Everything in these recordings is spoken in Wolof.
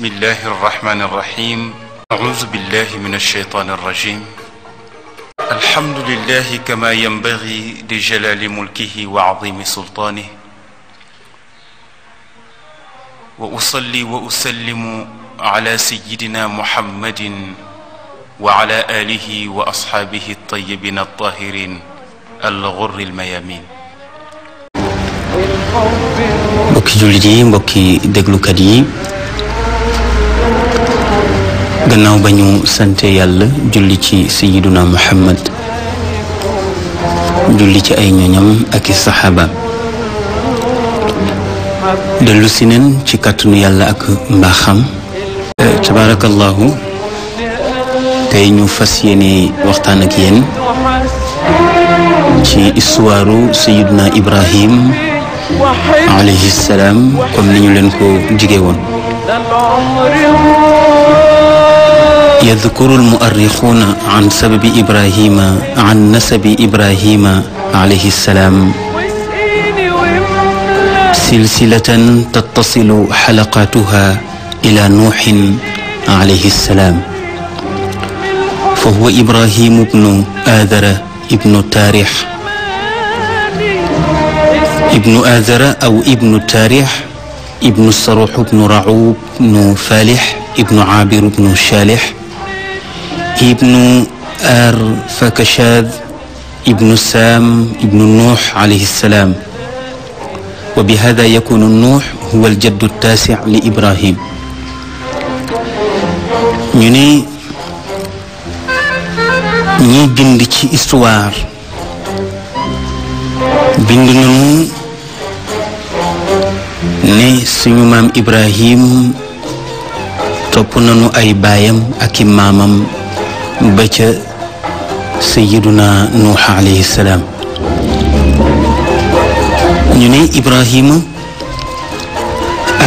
بسم الله الرحمن الرحيم أعوذ بالله من الشيطان الرجيم الحمد لله كما ينبغي لجلال ملكه وعظيم سلطانه وأصلي وأسلم على سيدنا محمد وعلى آله وأصحابه الطيبين الطاهرين الغر الميامين mbokki jullit yi mbokki gannaaw ba ñu sante yàlla julli ci sayiduna muhammad julli ci ay ñoñam ak i saxaaba dellu neen ci kàttanu yàlla ak mbaaxam tabaarakallahu tey ñu fas yéene waxtaan ak yéen ci istuwaaru sayiduna ibrahim alayhi salaam comme ni leen ko jige woon يذكر المؤرخون عن سبب إبراهيم عن نسب إبراهيم عليه السلام سلسلة تتصل حلقاتها إلى نوح عليه السلام فهو إبراهيم بن آذر ابن تاريح ابن آذر أو ابن تاريح ابن الصروح بن رعوب بن فالح ابن عابر بن شالح ابن آر فكشاذ ابن سام ابن النوح عليه السلام وبهذا يكون النوح هو الجد التاسع لإبراهيم يعني ني بند شي استوار بند نونو ني سيني ابراهيم توب اي بايم اكي مامام ba ca sayiduna nuux alayhi salaam ñu ne Ibrahima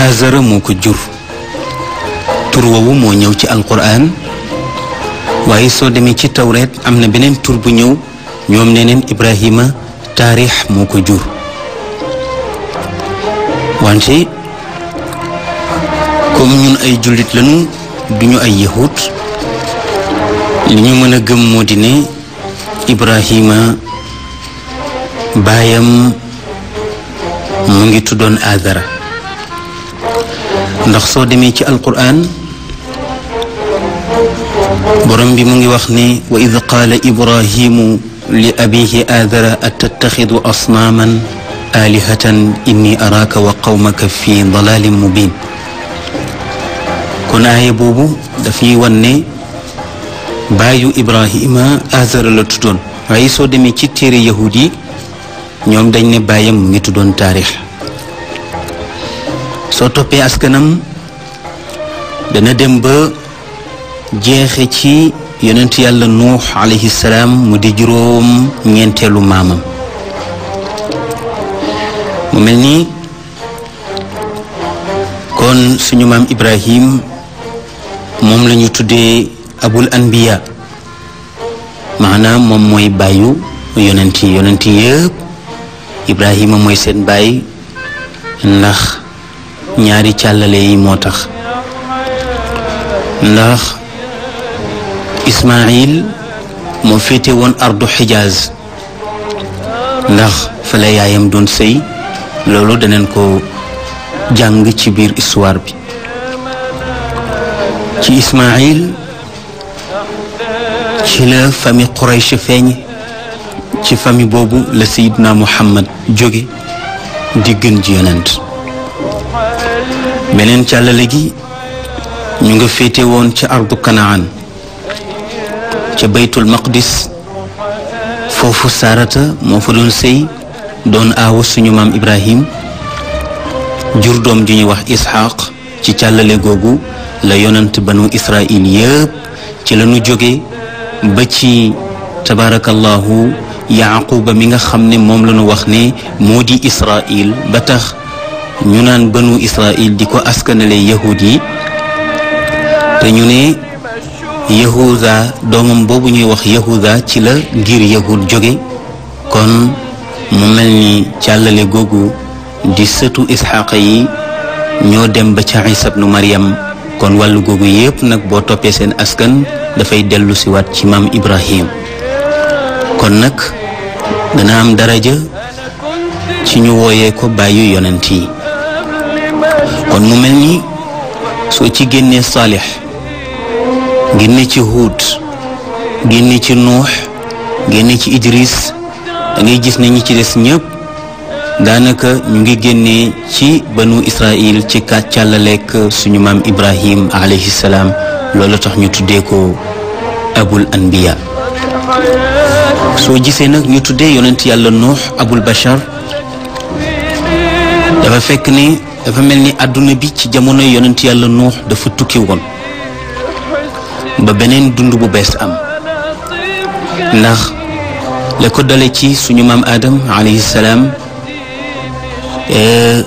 azara moo ko jur tur woowu moo ñëw ci alquran waaye soo demee ci tawreet am na beneen tur bu ñëw ñoom neneen Ibrahima taarix moo ko jur wante comme ñun ay jullit lañu duñu ay yahut li ñu mën gëm moo di ne Ibrahima bayam mu ngi tudon azara ndax so démé ci alquran borom bi mu ngi wax ni wa idh qala ibrahim li abihi azara attakhidhu asnaman alihatan inni araka wa qawmaka fi dhalalin mubin kon aaya boobu dafay wan ne baayu Ibrahima Azara la tuddoon waaye soo demee ci téere yahud yi ñoom dañ ne baayam mu ngi tuddoon taarix soo toppee askanam dana dem ba jeexe ci yonent yàlla nuux alayhi salaam mu di juróom ñeenteelu maamam mu mel ni kon suñu maam Ibrahim moom lañu tuddee abul anbiya maanaam moom mooy bàyyu yonent yi yonent ibrahima mooy seen bàyyi ndax ñaari càllale yi moo tax ndax ismail moo féete woon ardu xijaaz ndax fale yaayam doon sëy loolu daneen ko jàng ci biir histoire bi ci ismail ci la famille Quraysh feeñ ci famille boobu la Seydina Muhammad jóge di gën ji yonent beneen càllale gi ñu nga féete woon ca ardu Kanaan ca baytul maqdis foofu Sarata moo fa doon sëy doon aawa suñu maam Ibrahim jur doom ju ñuy wax Isxaaq ci càllale googu la yonent banu Israil yëpp ci la jóge ba ci tabaarakallahu yaaquba mi nga xam ne moom la wax ne moo di israil ba tax ñu naan banu israil di ko askanale yahud yi te ñu ne yahuda doomam boobu ñuy wax yahuda ci la ngir yahud jóge kon mu mel ni càllale googu di sëtu isxaqa yi ñoo dem ba ca isa bnu mariam kon wàll googu yépp nag boo toppee seen askan dafay dellu siwaat ci maam Ibrahim kon nag dana am daraja ci ñu wooyee ko bàyyi yonent yi kon mu mel ni soo ci génnee saalix génne ci huut génne ci nuux génne ci idris da ngay gis ne ñi ci des ñëpp daanaka ñu ngi génnee ci banu israil ci kàccàllaleek suñu maam ibrahim alayhi salaam loolu tax ñu tuddee ko abul anbiya soo gisee nag ñu tuddee yonent yàlla nuux abul bashar dafa fekk ni dafa mel ni àdduna bi ci jamono yonent yàlla nuux dafa tukki woon ba beneen dund bu bees am ndax la dale ci suñu maam aadam alayhi salaam eh,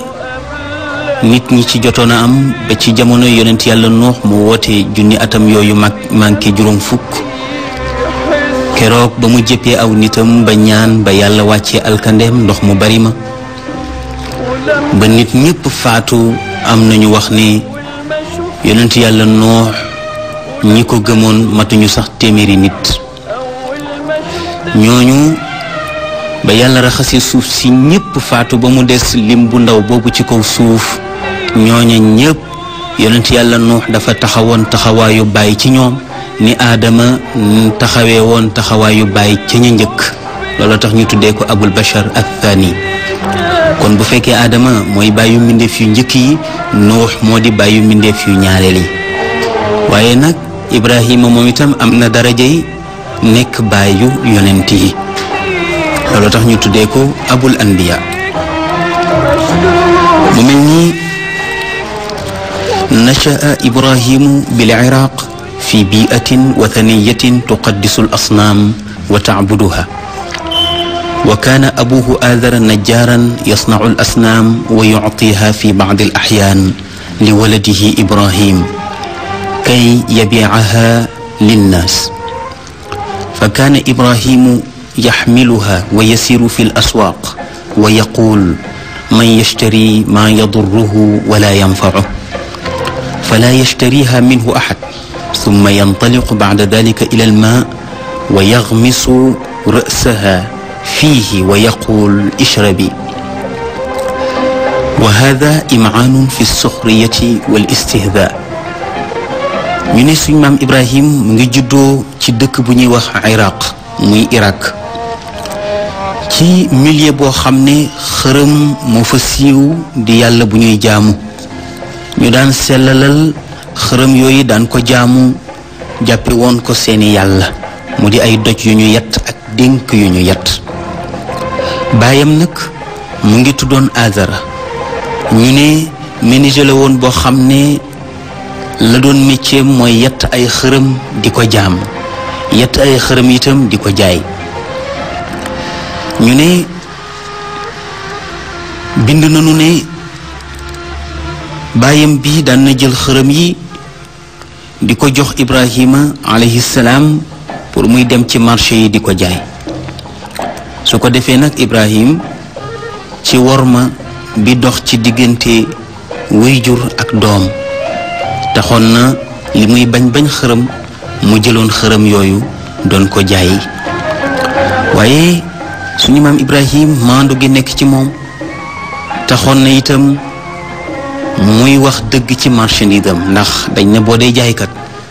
nit ñi ci jotoon a am ba ci jamono yonent yàlla nuux mu woote junni atam yooyu mag manqué juróom fukk keroog ba mu jëppee aw nitam ba ñaan ba yàlla wàcce alkandeem ndox mu bari ma ba nit ñépp faatu am na ñu wax ne yonent yàlla nuux ñi ko gëmoon matuñu sax téeméeri nit ñooñu ba yàlla raxasi suuf si ñépp faatu ba mu des lim bu ndaw boobu ci kaw suuf ñooña ñëpp yonent yàlla nuux dafa taxawoon taxawaayu bàyyi ci ñoom ni aadama taxawee woon taxawaayu baay ca ña njëkk loola tax ñu tuddee ko abul bashar athani kon bu fekkee aadama mooy bàyyu mbindeef yu njëkk yi nuux moo di bàyyu mbindeef yu ñaareel yi waaye nag ibrahima moom itam am na daraja yi nekk bàyyu yonent yi loolu tax ñu tuddee ko abul anbiya نشأ إبراهيم بالعراق في بيئة وثنية تقدس الأصنام وتعبدها وكان أبوه آذر نجارا يصنع الأصنام ويعطيها في بعض الأحيان لولده إبراهيم كي يبيعها للناس فكان إبراهيم يحملها ويسير في الأسواق ويقول من يشتري ما يضره ولا ينفعه فلا يشتريها منه أحد ثم ينطلق بعد ذلك إلى الماء ويغمس رأسها فيه ويقول اشربي وهذا إمعان في السخرية والاستهزاء منيس إمام إبراهيم مجدو تدك بني وخ عراق مي إراك كي ملي بو خمني خرم مفسيو ديال بني جامو ñu daan sellalal xërëm yooyu daan ko jaamu jàppe woon ko seeni yàlla mu di ay doj yu ñu yett ak dénk yu ñu yett baayam nag mu ngi tuddoon aasara ñu ne menuisier woon boo xam ne la doon métier mooy yett ay xërëm di ko jaam yett ay xërëm itam di ko jaay ñu ne bind nañu ne baayam bi daan na jël xërëm yi di ko jox Ibrahima alayhi salaam pour muy dem ci marché yi di ko jaay su ko defee nag Ibrahim ci worma bi dox ci diggante wayjur ak doom taxoon na li muy bañ bañ xërëm mu jëloon xërëm yooyu doon ko jaay waaye suñu maam Ibrahim maandu gi nekk ci moom taxoon na itam muy wax dëgg ci marchandise am ndax dañ ne boo dee jaaykat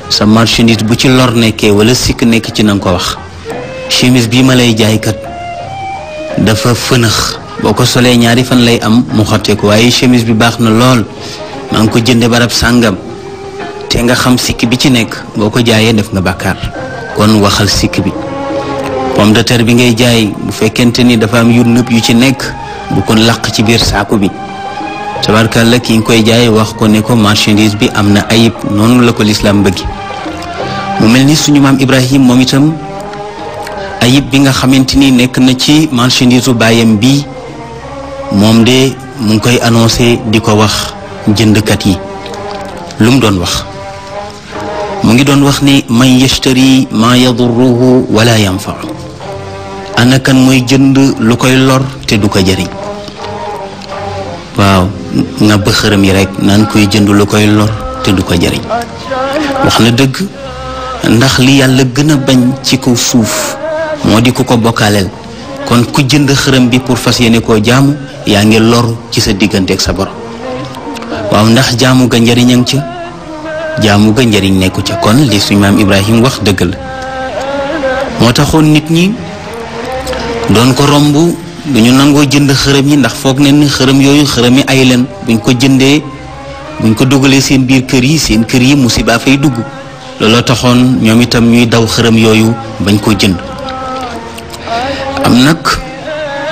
sa marchandise bu ci lor nekkee wala sikk nekk ci nanga ko wax chemise bi ma lay jaaykat dafa fënax boo ko solee ñaari fan lay am mu xotteeku waaye chemise bi baax na lool maa ko jënde barab sàngam te nga xam sikk bi ci nekk boo ko jaayee def nga bàkkaar kon waxal sikk bi pomme de bi ngay jaay bu fekkente ni dafa am yu nëb yu ci nekk bu kon làq ci biir saaku bi tabarkalla ki nga koy jaay wax ko ne ko marchandise bi am na ayib noonu la ko lislaam bëgg mu mel ni suñu maam Ibrahim moom itam ayib bi nga xamante ni nekk na ci marchandise u baayam bi moom de mu ngi koy annoncé di ko wax jëndkat yi lu doon wax mu ngi doon wax ni man yashtari ma yadurruhu wala yanfa ana kan mooy jënd lu koy lor te du ko jariñ waaw nga bëxëram yi rek naan koy jënd lu koy lor te du ko jariñ wax na dëgg ndax li yàlla gën a bañ ci kaw suuf moo di ku ko bokkaaleel kon ku jënd xërëm bi pour fas yéene koo jaamu yaa ngi lor ci sa diggante ak sa borom waaw ndax jaamu ga njariñam ca jaamu ga njariñ nekku ca kon li suñ maam Ibrahim wax dëgg la moo taxoon nit ñi doon ko romb dañu nangoo jënd xërëm yi ndax foog ne ni xërëm yooyu xërëm yi ay leen buñ ko jëndee buñ ko dogalee seen biir kër yi seen kër yi musiba fay dugg looloo taxoon ñoom itam ñuy daw xërëm yooyu bañ koo jënd am nag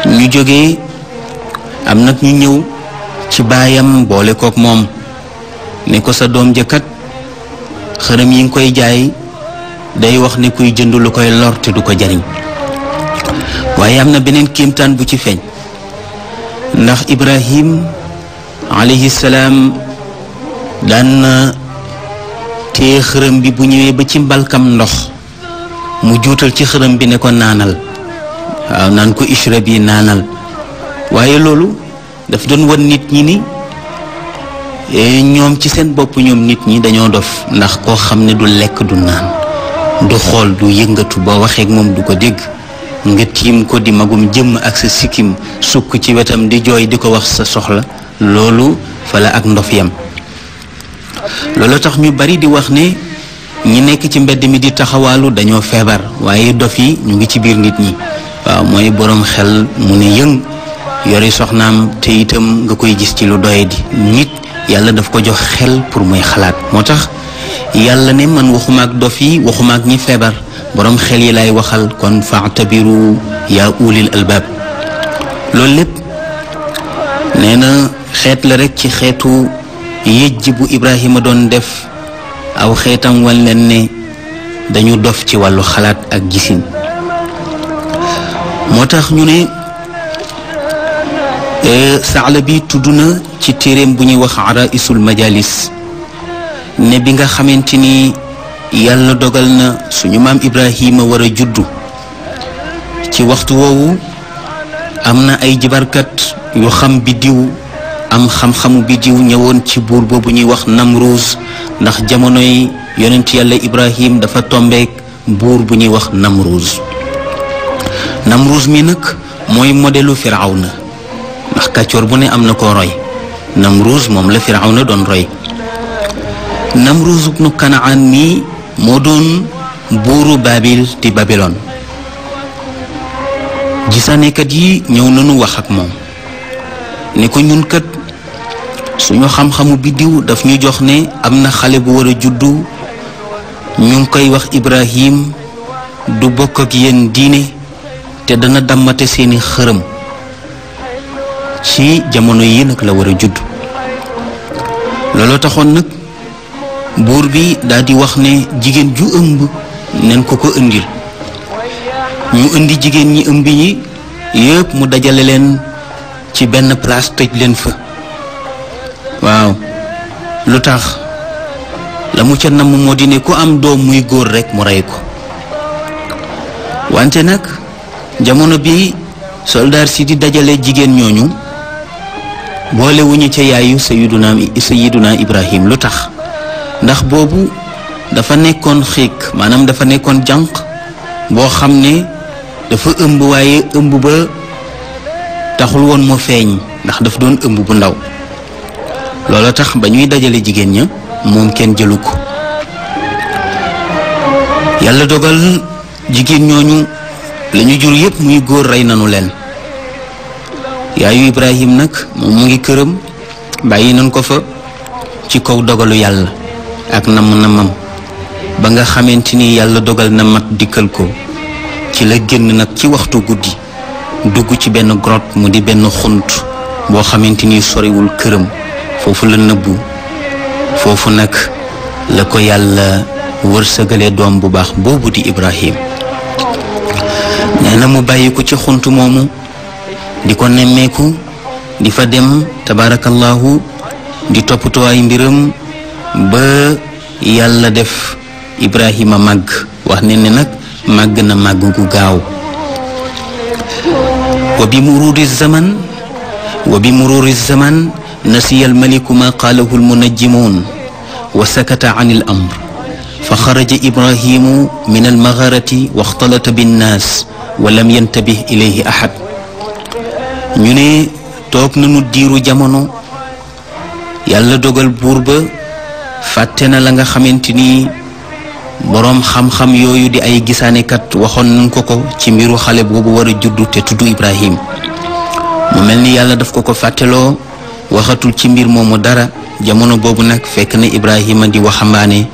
ñu jógee am nag ñu ñëw ci baayam boole kook moom ne ko sa doom jëkkat xërëm yi nga koy jaay day wax ne kuy jënd lu koy lor te du ko jariñ waaye am na beneen kéemtaan bu ci feeñ ndax Ibrahim alayhi salaam daan na téye xërëm bi bu ñëwee ba ci mbalkam ndox mu juutal ci xërëm bi ne ko naanal waaw naan ko ishrab yi naanal waaye loolu daf doon wan nit ñi ni e, ñoom ci seen bopp ñoom nit ñi dañoo dof ndax koo xam ne du lekk du naan du xool du yëngatu boo waxee ak moom du ko dégg nga tiim ko di magum jëmm ak sa sikkim sukk ci wetam di jooy di ko wax sa soxla loolu fala ak ndof yam tax ñu bari di wax ne ñi nekk ci mbedd mi di taxawaalu dañoo feebar waaye dof yi ñu ngi ci biir nit ñi waaw mooy boroom xel mu ne yëng yori soxnaam te itam nga koy gis ci lu doy di nit yàlla daf ko jox xel pour muy xalaat moo tax yàlla ne mën waxuma ak dof yi waxuma ñi feebar borom xel yi lay waxal kon faatabiru yaa ulil albaab loolu lépp nee na xeet la rek ci xeetu yëjj bu ibrahima doon def aw xeetam wan leen ne dañu dof ci wàllu xalaat ak gisin moo tax ñu ne saala bi tudd ci téeréem bu ñuy wax araisul majalis ne bi nga xamante yàlla dogal na suñu maam Ibrahima war a juddu ci waxtu woowu am na ay jibarkat yu xam biddiw am xam-xamu biddiw ñëwoon ci buur boobu ñuy wax Namruus ndax jamonoy yonent yàlla Ibrahim dafa tombeek buur bu ñuy wax Namruus Namruus mi nag mooy modelu Firawna ndax kàccoor bu ne am na ko roy Namruus moom la Firawna doon roy Namruus ibnu Kanaan nii moo doon buuru baabil di babilon gisaanekat yi ñëw nañu wax ak moom ni ko ñun kat suñu xam-xamu biddiw daf ñu jox ne am na xale bu war a juddu ñu ngi koy wax Ibrahim du bokk ak yéen diine te dana dammate seeni xërëm ci jamono yi nag la war a judd looloo taxoon nag buur bi daal wax ne jigéen ju ëmb nen ko ko indil ñu indi jigéen ñi ëmb ñi yëpp mu dajale leen ci benn place tëj leen fa waaw lu tax la mu ca namm moo di ne ku am doom muy góor rekk mu rey ko wante nag jamono bi soldaar si di dajale jigéen ñooñu boolewuñu ca yaayu sayiduna sayiduna Ibrahim lu tax ndax bobu dafa nekkon xik manam dafa nekkoon jank boo xam ne dafa ëmb waaye ëmb ba taxul won mo feñ ndax daf doon ëmb bu ndaw lolo tax ba ñuy dajale jigen ñe mom ken jëluko yalla dogal jigen ñoñu lañu jur yépp muy goor ray nañu len yaayu ibrahim nak, mo mu ngi kërëm bayyi nañ ko fa ci kaw dogalu yalla ak namm namam ba nga xamante ni yàlla dogal na mat dikkal ko ci la génn nag ci waxtu guddi dugg ci benn grotte mu di benn xunt boo xamante ni soriwul këram foofu la nëbbu foofu nag la ko yàlla wërsëgalee doom bu baax boobu di Ibrahim nee mu bàyyi ko ci xunt moomu di ko nemmeeku di fa dem tabaarakallaahu di toppatoo ay mbiram ba yàlla def ibrahima màgg wax ne ne nag màgg na màgg gu gaaw wa bi mururi zaman wa bi mururi zaman nasiya almaliku ma qaalahu almunajjimun wa sakata an al amr fa xaraja ibrahimu min almagarati wa axtalata binnaas wa lam yantabih ilayhi ahad ñu ne nanu diiru jamono yàlla dogal buur fàtte na la nga xamante ni boroom xam-xam yooyu di ay gisaanekat waxoon nañ ko ko ci mbiru xale boobu war a juddu te tuddu Ibrahim mu mel ni yàlla daf ko ko fàtteeloo waxatul ci mbir moomu dara jamono boobu nag fekk na Ibrahima di waxambaane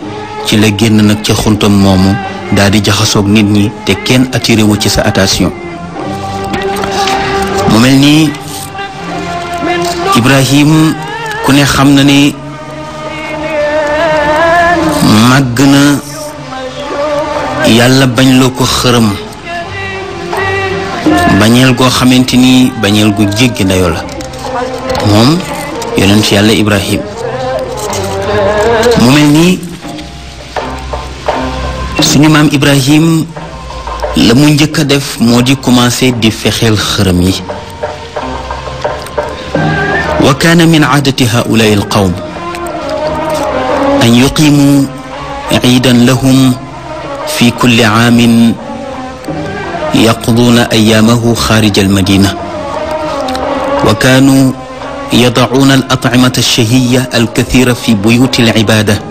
ci la génn nag ca xuntam moomu daal di jaxasoog nit ñi te kenn attiré wu ci sa attention mu mel ni Ibrahim ku ne xam na ne مجنى يالا بان لوكو خرم بانيل كو خامتيني بانيل كو جيغ نايولا موم يونس يالا ابراهيم مومني سوني ابراهيم لمو نجيكا مودي كومانسي دي فخيل خرمي وكان من عادة هؤلاء القوم أن يقيموا عيدا لهم في كل عام يقضون أيامه خارج المدينة وكانوا يضعون الأطعمة الشهية الكثيرة في بيوت العبادة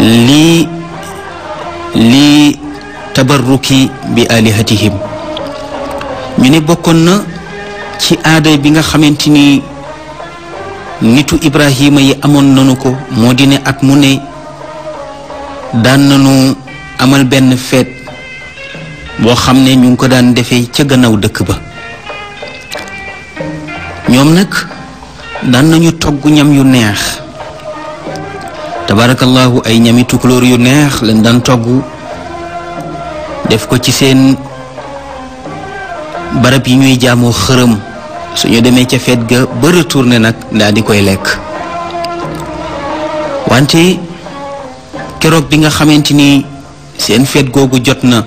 لي لتبرك بآلهتهم من بكنا كي آدي bi خمنتني nitu Ibrahima yi amoon nanu ko moo di ne at mu ne daan nanu amal benn feet boo xam ne ñu ngi ko daan defee ca gannaaw dëkk ba ñoom nag daan nañu togg ñam yu neex tabaarakallaahu ay ñamitu tukulóor yu neex lañ daan togg def ko ci seen barab yi ñuy jaamoo xërëm su ñu demee ca feet ga ba retourné nag daal di koy lekk wante keroog bi nga xamante ni seen feet googu jot na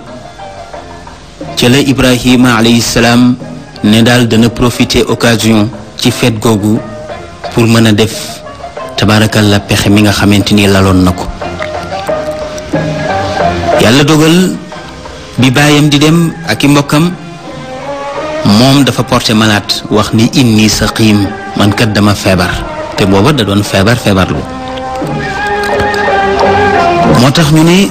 ca la Ibrahima alayhi salaam ne daal dana profiter occasion ci feet googu pour mën a def tabaarakalla pexe mi nga xamante ni laloon na ko yàlla dogal bi baayam di dem ak i mbokkam. mom dafa porter malade wax ni inni saqim man kat dama feebar te booba da don febar febar lu motax ñu ni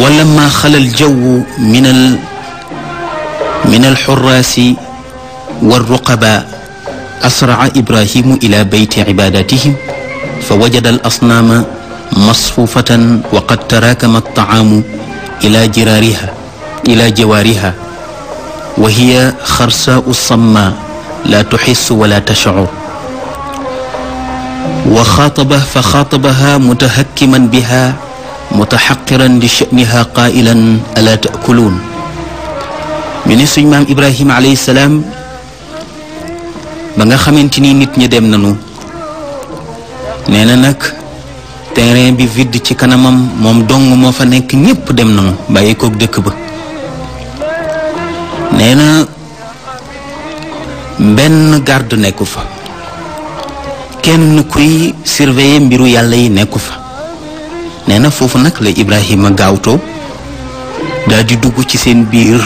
wala ma khala al jaw min al min al xuraasi والرقباء أسرع إبراهيم إلى بيت عباداتهم فوجد الأصنام مصفوفة وقد تراكم الطعام إلى جرارها إلى جوارها وهي خرساء الصماء لا تحس ولا تشعر وخاطبه فخاطبها متهكما بها متحقرا لشأنها قائلا ألا تأكلون من اسم إبراهيم عليه السلام ما خمنتني نت ندم ننو نيناناك تيرين بي فيد تي كانامم موم دونغ مو فا نيب دم ننو بايكوك دك nee na benn garde nekku fa kenn kuy surveiller mbiru yàlla yi nekku fa nee na foofu nag la Ibrahima gaawtoo daldi dugg ci seen biir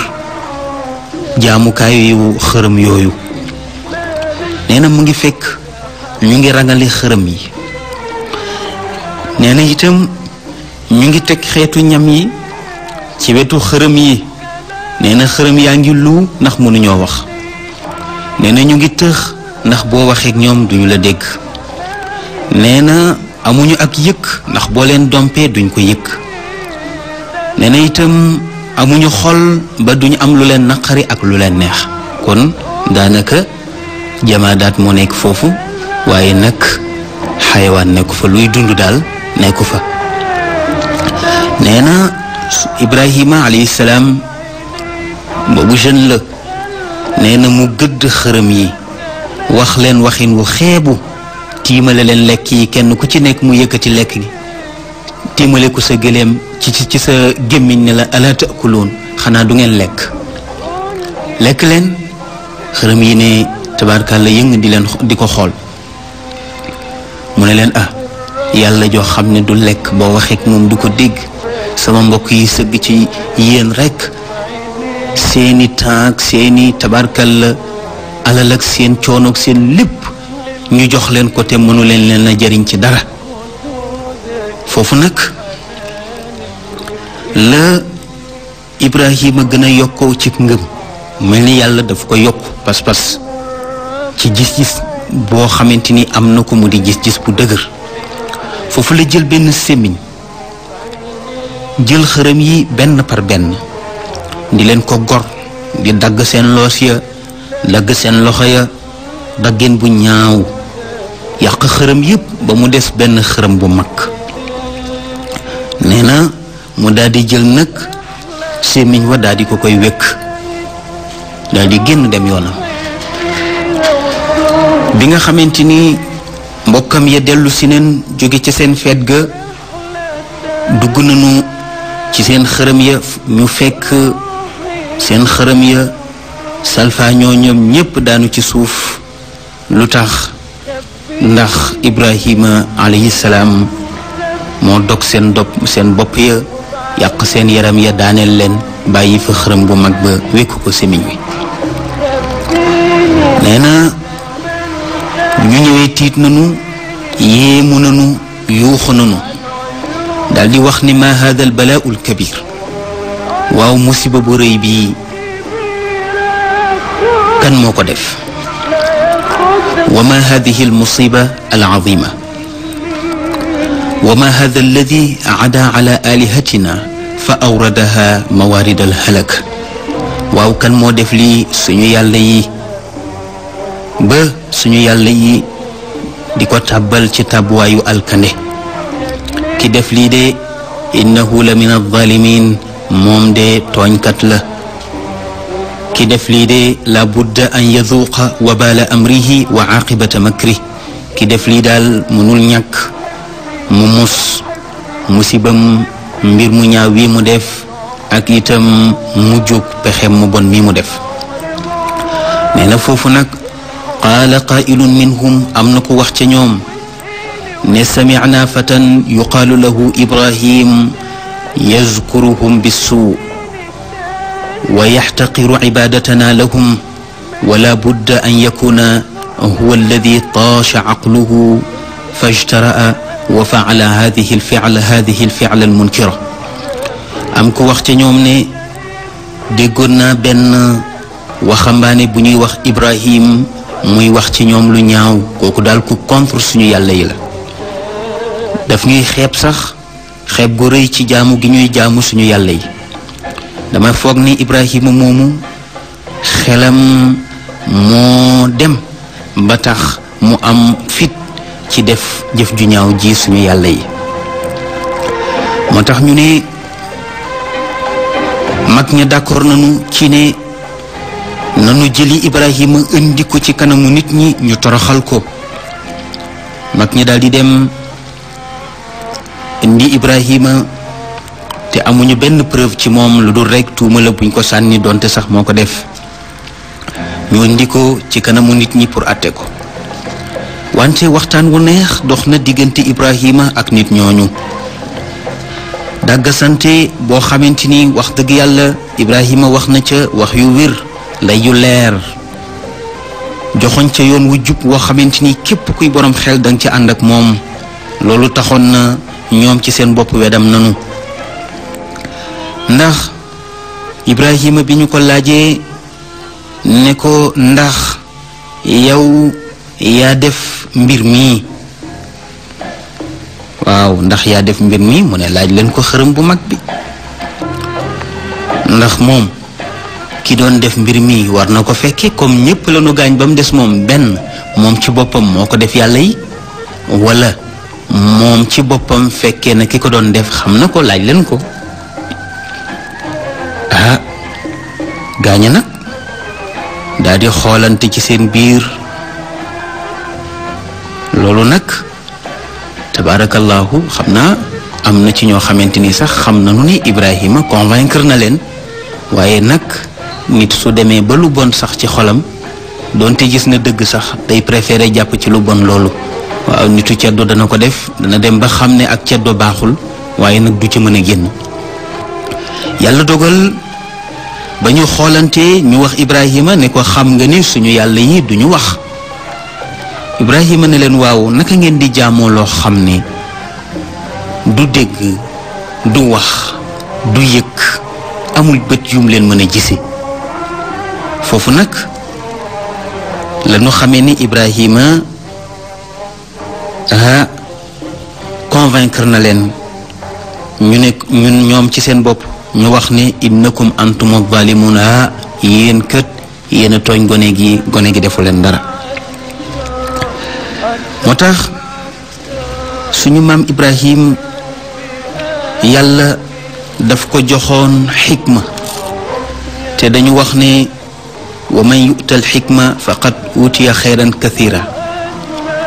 jaamukaayu xërëm yooyu nee mu ngi fekk ñu ngi rangale xërëm yi nee itam ñu ngi teg xeetu ñam yi ci wetu xërëm yi nee na xërëm yaa ngi lu ndax mënuñoo wax nee na ñu ngi tëx ndax boo waxee ñoom duñu la dégg nee na amuñu ak yëkk ndax boo leen dompee duñ ko yëkk nee na itam amuñu xol ba duñu am lu leen naqari ak lu leen neex kon daanaka jamaadaat moo nekk foofu waaye nag xayawaan nekku fa luy dund daal nekku fa nee Ibrahima alayhi boobu jeune la nee na mu gëdd xërëm yi wax leen waxin wu xeebu tiimale leen lekk yi kenn ku ci nekk mu yëkkati lekk gi tiimale ko sa gëléem ci ci sa gémmiñ ne la ala taakuluun xanaa du ngeen lekk lekk leen xërëm yi ne tabaarkàlla yëng di leen di ko xool mu ne leen ah yàlla joo xam ne du lekk boo waxeek moom du ko dégg sama mbokk yi sëgg ci yéen rekk seeni temps seeni tabarkal alal ak seen coono seen lépp ñu jox leen ko te mënu leen leen a jëriñ ci dara foofu nag la Ibrahima gën a yokkoo ci ngëm mel ni yàlla daf ko yokk pas-pas ci gis-gis boo xamante ni am na ko mu di gis-gis bu dëgër foofu la jël benn sémmiñ jël xërëm yi benn par benn di len ko gor di dag sen loos ya dagen seen loxo ya daggin bu ñaaw ben xërëm yépp ba mu dess ben xërëm bu mak neena mu daal di jël nak sémmiñ wa daal ko koy wékk daal genn dem yoonam bi nga xamanteni mbokam ya delu sinen joge ci sen fet ga dugg nañu ci sen ya ñu fekk seen xërëm ya salfa ñoo ñoom ñépp daanu ci suuf lu tax ndax ibrahima alayhi salaam moo dog seen dop seen bopp ya yàq seen yaram ya daaneel leen bàyyi fa xërëm bu mag ba wékku ko semiñ wi nee na ñu ñëwee tiit nanu yéemu nanu yuuxu nanu daal di wax ni ma hada al balaa'u al kabir واو musiba bu reuy bi kan moko def وما هذه المصيبة العظيمة وما هذا الذي عدا على آلهتنا فأوردها موارد الهلك واو كان موديف لي سنو يالي ب سنو يالي دي كو تابل تي تابوايو الكاني كي ديف لي دي انه لمن الظالمين موم دي توغ كات لا كي ديف دي لابد ان يذوق وبال امره وعاقبه مكره كي ديف لي دال منول نياك موموس مصيبم مير مو نياو وي مو ديف اك ايتام مو جوك بخيم مي مو ديف نينا قال قائل منهم ام نكو واخ تي فتن يقال له ابراهيم يذكرهم بالسوء ويحتقر عبادتنا لهم ولا بد أن يكون هو الذي طاش عقله فاجترأ وفعل هذه الفعل هذه الفعل المنكرة أمك وقت نيومني دي قرنا بن وخمباني بني وقت إبراهيم موي وقت نيوم لنياو كوكو دالكو كونتر سنو يالليلة دفني خيب صخ xeeb gu rëy ci jaamu gi ñuy jaamu suñu yàlla yi damay foog ni Ibrahima moomu xelam moo dem ba tax mu am fit ci def jëf ju ñaaw ji suñu yàlla yi moo tax ñu ne mag ña d'accord nañu ci ne nanu jëli Ibrahima indi ko ci kanamu nit ñi ñu toroxal ko mag ña daal dem. indi Ibrahima te amuñu benn preuve ci moom lu dul rekk tuuma buñ ko sànni donte sax moo ko def ñu indi ko ci kanamu nit ñi pour àtte ko wante waxtaan wu neex dox na diggante Ibrahima ak nit ñooñu dàggasante boo xamante ni wax dëgg yàlla Ibrahima wax na ca wax yu wér lay yu leer joxoñ ca yoon wu jub woo xamante ni képp kuy boroom xel danga ci ànd ak moom loolu taxoon na ñoom ci seen bopp wedam nanu ndax Ibrahima bi ñu ko laajee ne ko ndax yow yaa def mbir mi waaw ndax yaa def mbir mi mu ne laaj leen ko xërëm bu mag bi ndax moom ki doon def mbir mi war na ko fekke comme ñépp la nu gaañ ba mu des moom benn moom ci boppam moo ko def yàlla yi walla moom ci boppam fekke na ki ko doon def xam na ko laaj leen ko ah gaañe nag daal di xoolante ci seen biir loolu nag tabaarakallaahu xam naa am na ci ñoo xamante ni sax xam nañu ne Ibrahima convaincre na leen waaye nag nit su demee ba lu bon sax ci xolam doonte gis na dëgg sax day préféré jàpp ci lu bon loolu. waaw nitu ceddo dana ko def dana dem ba xam ne ak ceddo baaxul waaye nag du ci mën a génn yàlla dogal ba ñu xoolante ñu wax Ibrahima ne ko xam nga ni suñu yàlla yi duñu wax Ibrahima ne leen waaw naka ngeen di jaamoo loo xam ne du dégg du wax du yëg amul bët yum leen mën a gise foofu nag lañu xamee ni Ibrahima ah convaincre na leen ñu ne ñu ñoom ci seen bopp ñu wax ni innakum antum zalimun ah yéen kët yéen a tooñ gone gi gone gi defu leen dara moo tax suñu maam Ibrahim yàlla daf ko joxoon xikma te dañu wax ne wa man yu'tal xikma wuti utiya xayran kathira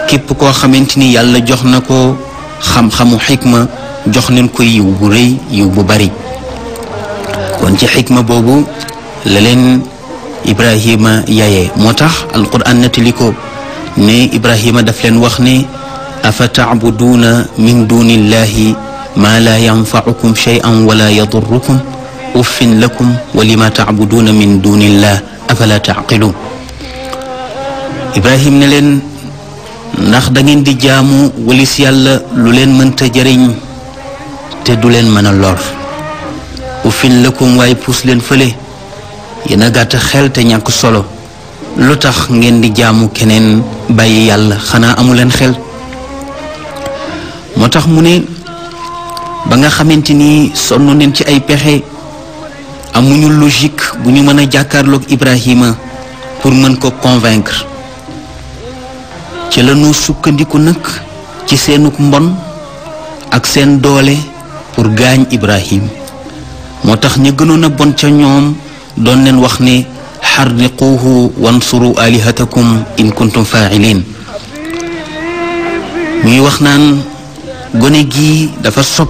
képp koo xamante yàlla jox na ko xam-xamu xikma jox nañ ko yiw bu rëy yiw bu bari kon ci xikma boobu la Ibrahima yaye moo tax alquran nettali ne Ibrahima daf leen wax ne afa tacbuduuna min dunillahi ma la yanfacukum cheyan wala yadurukum uffin lakum wa lima tacbuduuna min dunillah afala tacqiluun Ibrahima ne leen ndax dangeen di jaamu walis yàlla lu leen mënta jëriñ te du leen mën a lor ufin lakum waaye puus leen fële yéen a gàtt xel te ñàkk solo lu tax ngeen di jaamu keneen bàyyi yàlla xanaa amu leen xel moo tax mu ne ba nga xamante ni sonn neen ci ay pexe amuñu logique bu ñu mën a jàkkaarloog Ibrahima pour mën ko convaincre ci sukkandiku nag ci seenuk mbon ak seen doole pour gaañ Ibrahim moo tax ña gënoon a bon ca ñoom doon leen wax ni ne xarriquuhu wansuru alihatakum in kuntum faa'iliin ñuy wax naan gone gi dafa sob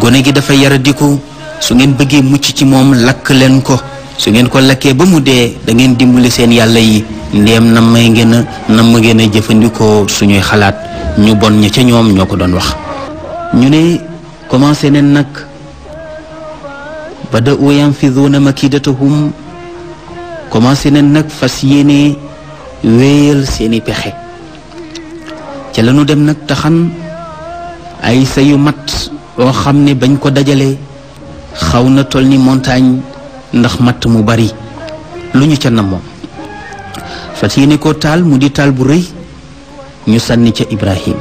gone gi dafa yaradiku su ngeen bëggee mucc ci moom lakk leen ko su ngeen ko lakkee ba mu dee dangeen ngeen dimbali seen yàlla yi ndéem na may ngeen a ma ngeen a jëfandikoo suñuy xalaat ñu bon ña ca ñoom ñoo ko doon wax ñu ne commencé neen nag ba da u yanfiduuna makidatahum commencé neen nag fas yéene wéyal seeni pexe ca lañu dem nag taxan ay sa yu mat oo xam ne bañ ko dajalee xaw na toll ni montagne ndax matt mu bari lu ñu ca namoo fas yéene ko taal mu di taal bu rëy ñu sànni ca Ibrahim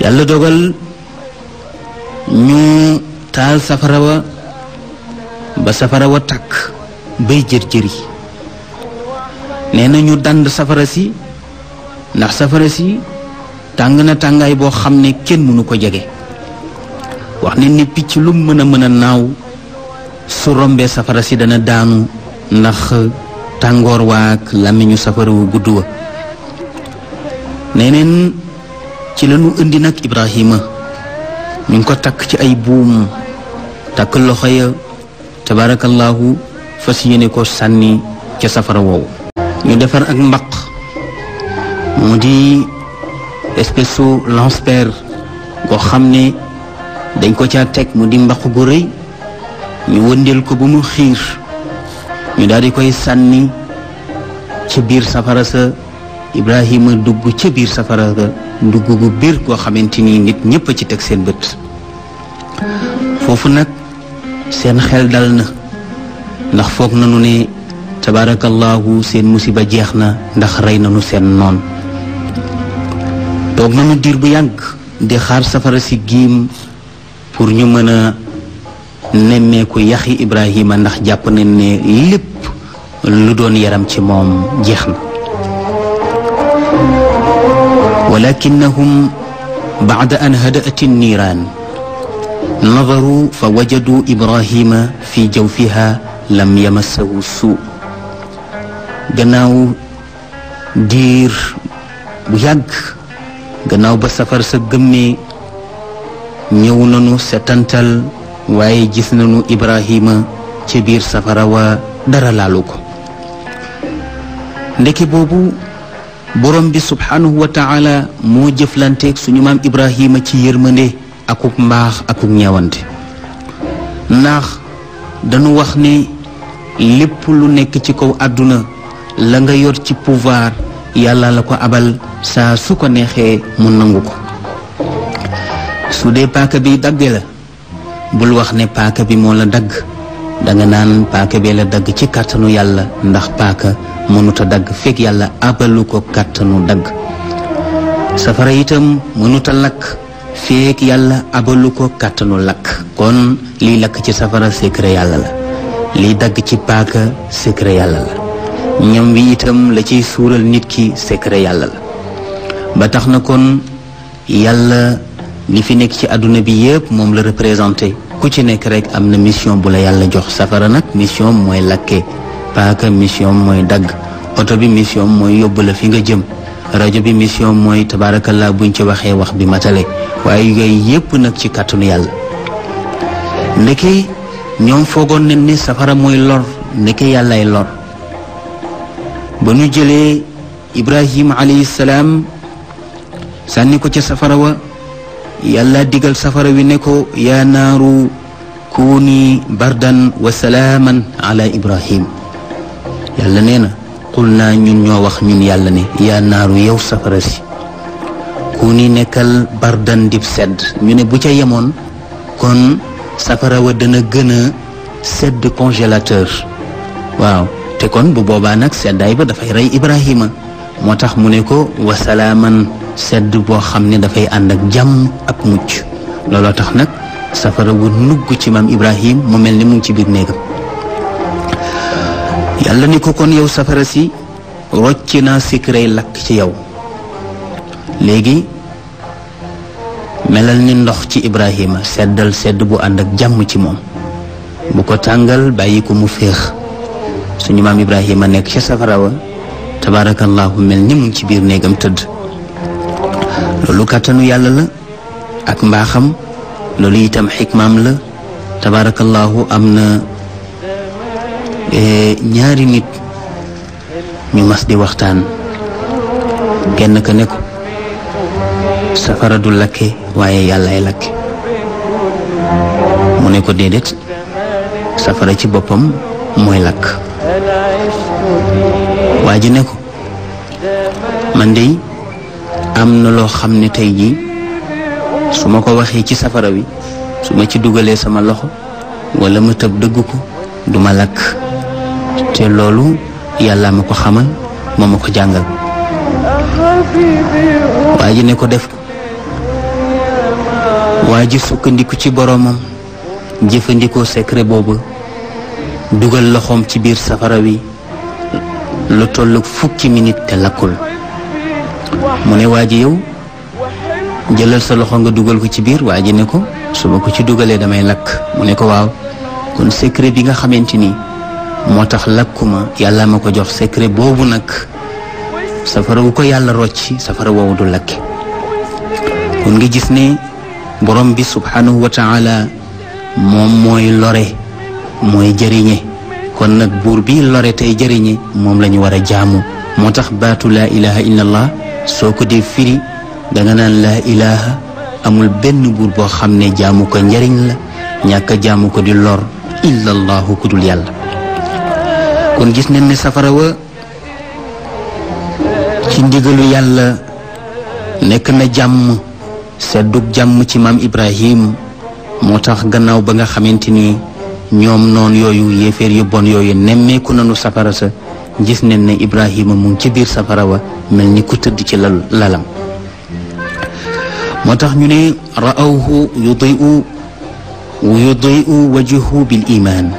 yàlla dogal ñu taal safara wa ba safara wa tàkk bay jër jëri nee na ñu dànd safara si ndax safara si tàng na tàngaay boo xam ne kenn mënu ko jege wax ne ni picc lu mën a mën a naaw su rombee safara si dana daanu ndax tàngoor waak làmmiñu safara wu gudd wa neneen ci lanu indi nag ibrahima ñu ngi ko takk ci ay buum takk loxo ya tabarakallahu fas yéene ko sànni ca safara woowu ñu defar ak mbaq mu di espèce lance père goo xam dañ ko caa teg mu di mbaqu gu rëy ñu wëndeel ko bu mu xiir ñu daal di koy sànni ci biir safara sa Ibrahima dugg ci biir safara sa dugg gu biir koo xamante ni nit ñépp a ci teg seen bët foofu nag seen xel dal na ndax foog nañu ne tabaarakallaahu seen musiba jeex na ndax rey nañu seen noon toog nañu diir bu yàgg di xaar safara si giim pour ñu mën a nemmeeku yaxi Ibrahima ndax jàpp nañ ne lépp lu doon yaram ci moom jeex na walakinahum baada an hadaat niiraan nadaruu fa wajaduu Ibrahima fi jawfiha lam yamassahu suu gannaaw diir bu yàgg gannaaw ba safar sa gëmmee ñëw nu setantal waaye gis nañu Ibrahima ca biir safara wa dara laalu ko ndeke boobu borom bi subhaanahu wa taala moo jëflanteeg suñu maam Ibrahima ci yërmande akub mbaax akub ñeewante ndax danu wax ni lépp lu nekk ci kaw àdduna la nga yor ci pouvoir yàlla la ko abal saa su ko neexee mu nangu ko su dee paaka bi dagge la bul wax ne paaka bi moo la dagg danga naan paaka bee la dagg ci kàttanu yàlla ndax paaka mënuta dagg fekk yàlla abalu ko kàttanu dagg safara itam mënuta lakk fekk yàlla abalu lakk kon liy lakk ci safara secret yàlla la li dagg ci paaka secret yàlla la ñam wi itam la ci suural nit ki secret yàlla la ba tax na kon yàlla li fi nekk ci àdduna bi yëpp moom la représenté ku ci nekk rek am na mission bu la yàlla jox safara nag mission mooy lakke paaka mission mooy dagg oto bi mission mooy yóbbu la fi nga jëm rajo bi mission mooy tabaarakallaa buñ ci waxee wax bi matale waaye yooyu yëpp nag ci kàttanu yàlla ndeke ñoom foogoon nañ ne safara mooy lor ndeke yàllaay lor ba ñu jëlee ibrahim alayhi sànni ko ca safara wa yàlla diggal safara wi ne ko yaa naaru kuuni bardan wa salaaman ala ibrahim yàlla nee na qul naa ñun ñoo wax ñun yàlla ne yaa naaru yow safara si kuuni nekkal bardan dib sedd ñu ne bu ca yemoon kon safara wa dana gën a sedd congélateur waaw te kon bu boobaa nag seddaay ba dafay rey ibrahima motax tax mu ne ko wasalaaman sedd bo xam da fay and ak jam ak mucc lolo tax nak safara wu nugg ci mam ibrahim mu melni mu ngi ci bir néegam yalla ni ko kon yow safara si roccina sikray ci yow legi melal ni ndox ci ibrahima seddal sedd bu and ak jam ci mom bu ko tangal bayiko mu feex suñu mam ibrahima nek ci safara wa tabaarakallaahu mel ni mu ngi ci biir néegam tëdd loolu kàttanu yàlla la ak mbaaxam loolu itam xikmaam la tabaarakallaahu am na e, ñaari nit ñu mas di waxtaan kenn ka ne ko safara du lakke waaye yàllaay lakke mu ne ko déedéet safara ci boppam mooy lakk waa ji ne ko man de am na loo xam ne tey jii su ma ko waxee ci safara wi su ma ci dugalee sama loxo walla ma tëb dëggu ko du ma lakk te loolu yàlla ma ko xamal moo ma ko jàngal waa ji ne ko def ko waa ji sukkandiku ci boroomam jëfandikoo secret boobu dugal loxoom ci biir safara wi lu tolloog fukki minit te lakkul mu ne waa ji yow jëlal sa loxo nga dugal ko ci biir waa ji ne ko su ko ci dugalee damay lakk mu ne ko waaw kon secret bi nga xamante ni moo tax lakkuma yàlla ma ko jox secret boobu nag safara wu ko yàlla rocci safara woowu du lakke kon nga gis ne borom bi subhanahu wa moom mooy lore mooy jëriñe kon nak bur bi lore tay wara mom lañu wara jaamu motax baatu ilaha illallah soko ko firi da nga nan la ilaha amul benn bur bo xam jaamu ko njariñ la ñaka jaamu ko di lor illallah kudul yalla kon gis nañ ne safara wa ci ndigalu yalla nek na ci mam ibrahim motax ganau gannaaw ba nga xamanteni ñom non yoyu yéfer yu bon yoyu yooyu ku nañu safara sa gis né ne ibrahim mu ci bir safara wa melni ku tëdd ci lal lalam motax ñu ne raawhu yudiu yudiu wajhu bil iman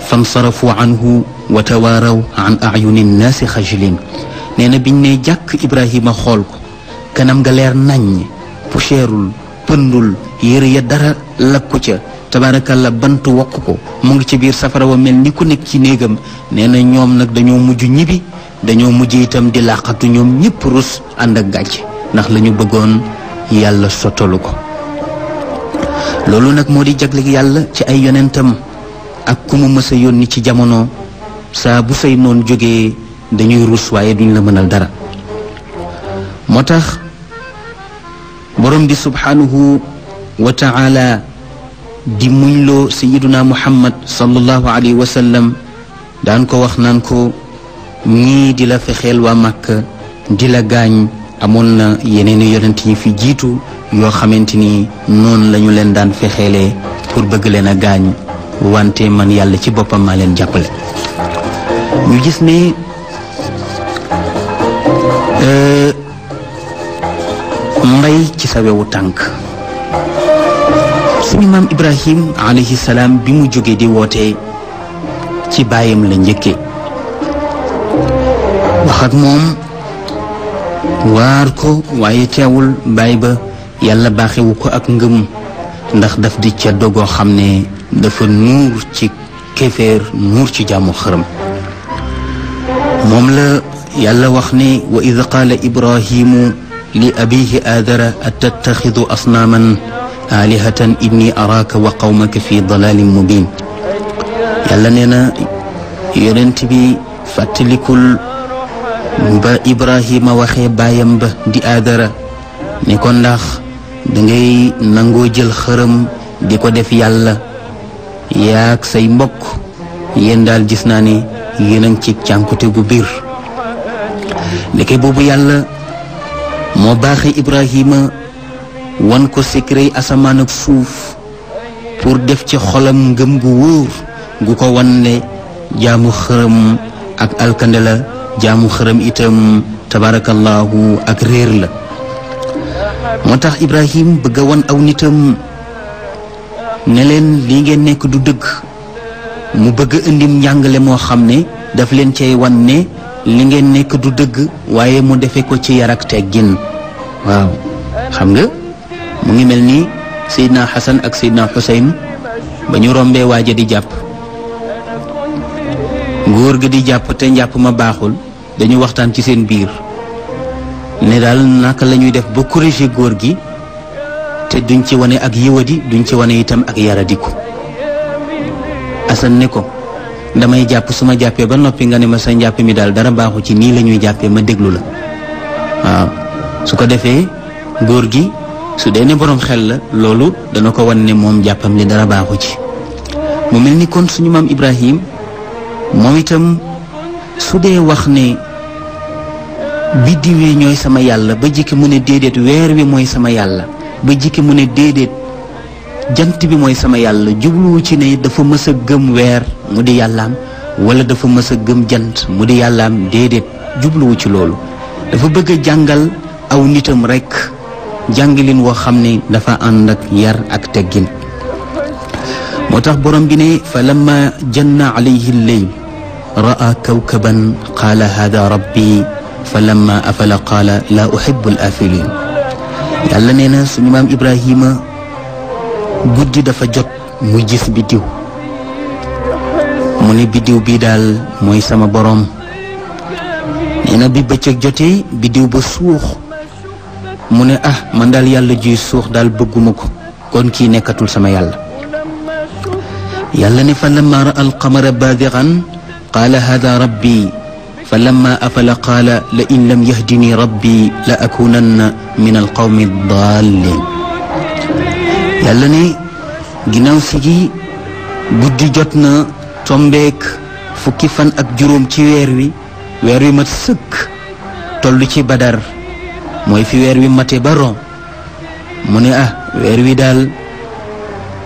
fansarafu anhu wa tawaaraw an ayuni nnaasi xajlin nee na biñ ne jàkk Ibrahima xool ko kanam nga leer naññ pucceerul pëndul yëre ya dara lakku ca tabaarakalla bantu wokk ko mu ngi ci biir safara wa mel ni ku nekk ci néegam nee na ñoom nag dañoo mujj ñibbi dañoo mujj itam di làqatu ñoom ñëpp rus ànd ak gàcce ndax lañu bëggoon yàlla sottalu ko loolu nag moo di jagleg yàlla ci ay yonentam ak ku mu mës a yónni ci jamono saa bu say noon jógee dañuy rus waaye duñ la mënal dara moo tax borom bi subhanahu wa di muñloo sayiduna muhammad sallallahu alayhi wa daan ko wax naan ko ñii di la fexeel waa Màkka di la gaañ amoon na yeneeni yonent yi fi jiitu yoo xamante ni noonu lañu leen daan fexeelee pour bëgg leen a gaañ wante man yàlla ci boppam maa leen jàppale ñu gis ne euh, mbay ci sa wewu tànk suñu maam ibrahim alayhi salaam bi mu jógee di woote ci baayam la njëkke wax ak moom waar ko waaye teewul baay ba yàlla baaxewu ko ak ngëm ndax daf di ca dogoo xam dafa nuur ci kéeféer nuur ci jaamu xërëm moom la yàlla wax ne wa id qaala ibrahimu li abihi adara atattaxidu asnaaman alihatan inni araka wa qawmaka fi dalalin mubin yàlla nee na yonent bi fàttalikul ba ibrahima waxee baayam ba di aadara ni kon ndax dangay nangoo jël xërëm di ko def yàlla yaag say mbokk yéen daal gis naa ne yéen a ngi ci cànkute gu biir ndeke boobu yàlla moo baaxe ibrahima wan ko secret yi asamaan ak suuf pour def ci xolam ngëm gu wóor gu ko wan ne jaamu xërëm ak alkande la jaamu xërëm itam tabaarakallaahu ak réer la moo tax Ibrahim bëgg a wan aw nitam ne leen lii ngeen nekk du dëgg mu bëgg a indim njàngale moo xam ne daf leen cay wan ne li ngeen nekk du dëgg waaye mu defe ko ci yar ak teggin waaw xam nga mu ngi mel ni Seydina Xasan ak Seydina Xuseyn ba ñu rombee waaja di jàpp góor gi di jàpp te njàpp ma baaxul dañu waxtaan ci seen biir ne daal naka lañuy def ba corriger góor gi te duñ ci wane ak yëwadi duñ ci wane itam ak yaradiku Asan ne ko damay jàpp su ma jàppee ba noppi nga ne ma sa njàpp mi daal dara baaxu ci nii la ñuy jàppee ma déglu la waaw su ko defee góor gi su dee ne boroom xel la loolu dana ko wan ne moom jàppam li dara baaxu ci mu mel ni kon suñu maam Ibrahim moom itam su dee wax ne biddiw yi ñooy sama yàlla ba jikki mu ne déedéet weer wi mooy sama yàlla ba jikki mu ne déedéet jant bi mooy sama yàlla jubluwu ci ne dafa mës a gëm weer mu di yàllaam wala dafa mës a gëm jant mu di yàllaam déedéet jubluwu ci loolu dafa bëgg jàngal aw nitam rekk jàngilin wo xamne dafa ànd ak yar ak teggin motax borom bi ne falamma janna alayhi al-layl raa kawkaban qala hadha rabbi falamma afala qala la uhibbu al afilin yàlla neena na suñu maam ibrahima guddi dafa jot mu gis biddiw mu ne biddiw bi dal moy sama borom nee bi bi bëccëg jotee biddiw ba suux mune ah man dal yàlla ji sux dal beugumako kon ki nekatul sama yàlla yàlla ne fa lamma al qamara baadiran qala hada rabbi fa afala qala la in lam yahdini rabbi la akunanna min qawmi daallin yàlla ne ginnaaw sigi guddi jotna tombek tombeek fukki fan ak jurum ci weer wi weer wi sëkk tollu ci badar moy fi weer wi maté ba mune ah weer wi dal,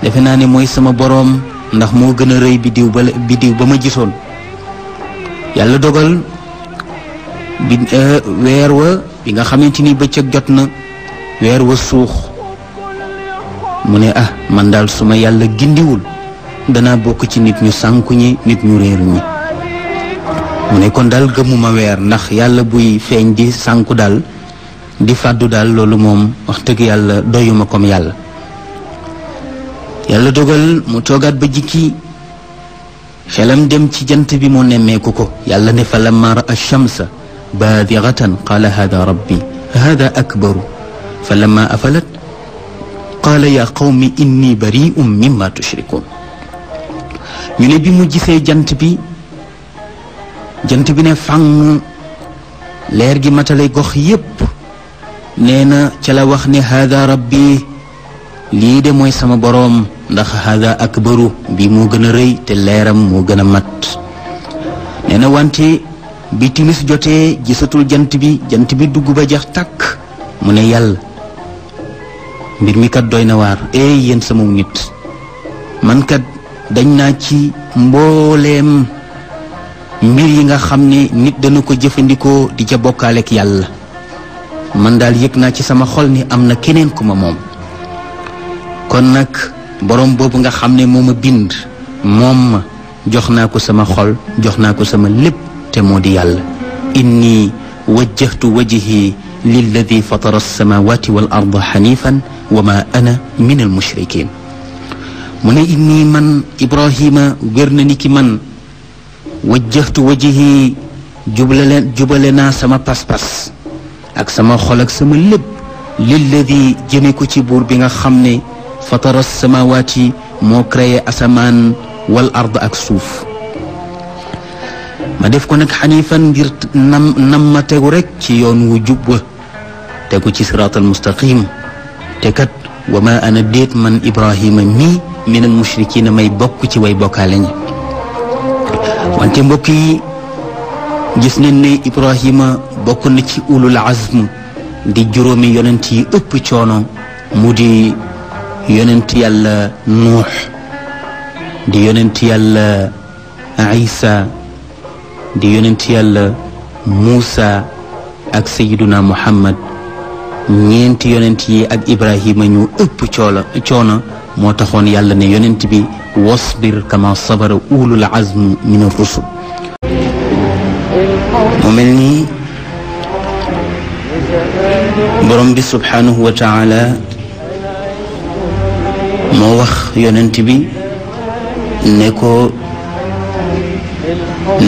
defena ni moy sama borom ndax mo gëna a bi diw bi diw bama gisoon yalla dogal bi eh, weer wa bi nga xamanteni becc ak jotna na wa suux mune ah man dal suma yalla gindiwul dana bok ci nit ñu sanku ñi nit ñu reer ñi mune kon dal gëmuma ndax yalla buy feñ di sanku dal di fàddu daal loolu moom wax dëgg yàlla doyuma comme yàlla yàlla dogal mu toogaat ba jikki xelam dem ci jant bi mu nemmeeku ko yàlla ne fa lamma raa shamsa baadiratan qaala hada rabbi hada akbaru fa lamma afalat qaala yaa qawmi inni bari'un mimma tushrikun ñu ne bi mu gisee jant bi jant bi ne fang leer gi matale gox yépp nee na ca la wax ne haada rabbi lii de mooy sama boroom ndax haada akbaru bi moo gën a rëy te leeram moo gën a mat nee na wante bi timis jotee gisatul jant bi jant bi dugg ba jax tàkk mu ne yàlla mbir mi kat doy na waar eey eh yéen sama nit man kat dañ naa ci mbooleem mbir yi nga xam ne nit dana ko jëfandikoo di ca bokkaaleek yàlla man daal yëg naa ci sama xol ni am na keneen ku ma moom kon nag boroom boobu nga xam ne moo a bind moom ma jox naa ko sama xol jox naa ko sama lépp te moo di yàlla inni wajjahtu wajhi lilladi fatara alsamawati wal arda xanifan wa ma ana min al mushrikin mu ne inni man ibrahima wér na ni ki man wajjahtu wajhi jublale jubale naa sama pas-pas ak sama xol ak sama lépp lilladi jëme ko ci buur bi nga xam ne fatara samawaati moo créé asamaan wal ard ak suuf ma def ko nag xanifan ngir nam nam ma tegu rek ci yoon wu jub wa tegu ci siraatal mustaqim te kat wa ma ana déet man Ibrahima mii minal mushrikiina may bokk ci way bokkaale ñi wante mbokk yi gis bokk na ci ulul azm di juróomi yonent yi ëpp coono mu di yonent yàlla nuux di yonent yàlla isa di yonent yàlla muusa ak sayiduna muhammad ñeenti yonent yi ak ibrahima ñu ëpp coola coono moo taxoon yàlla ne yonent bi wasbir kama sabara ulul azm min ar rusul borom bi subhanahu wa taala moo wax yonent bi ne ko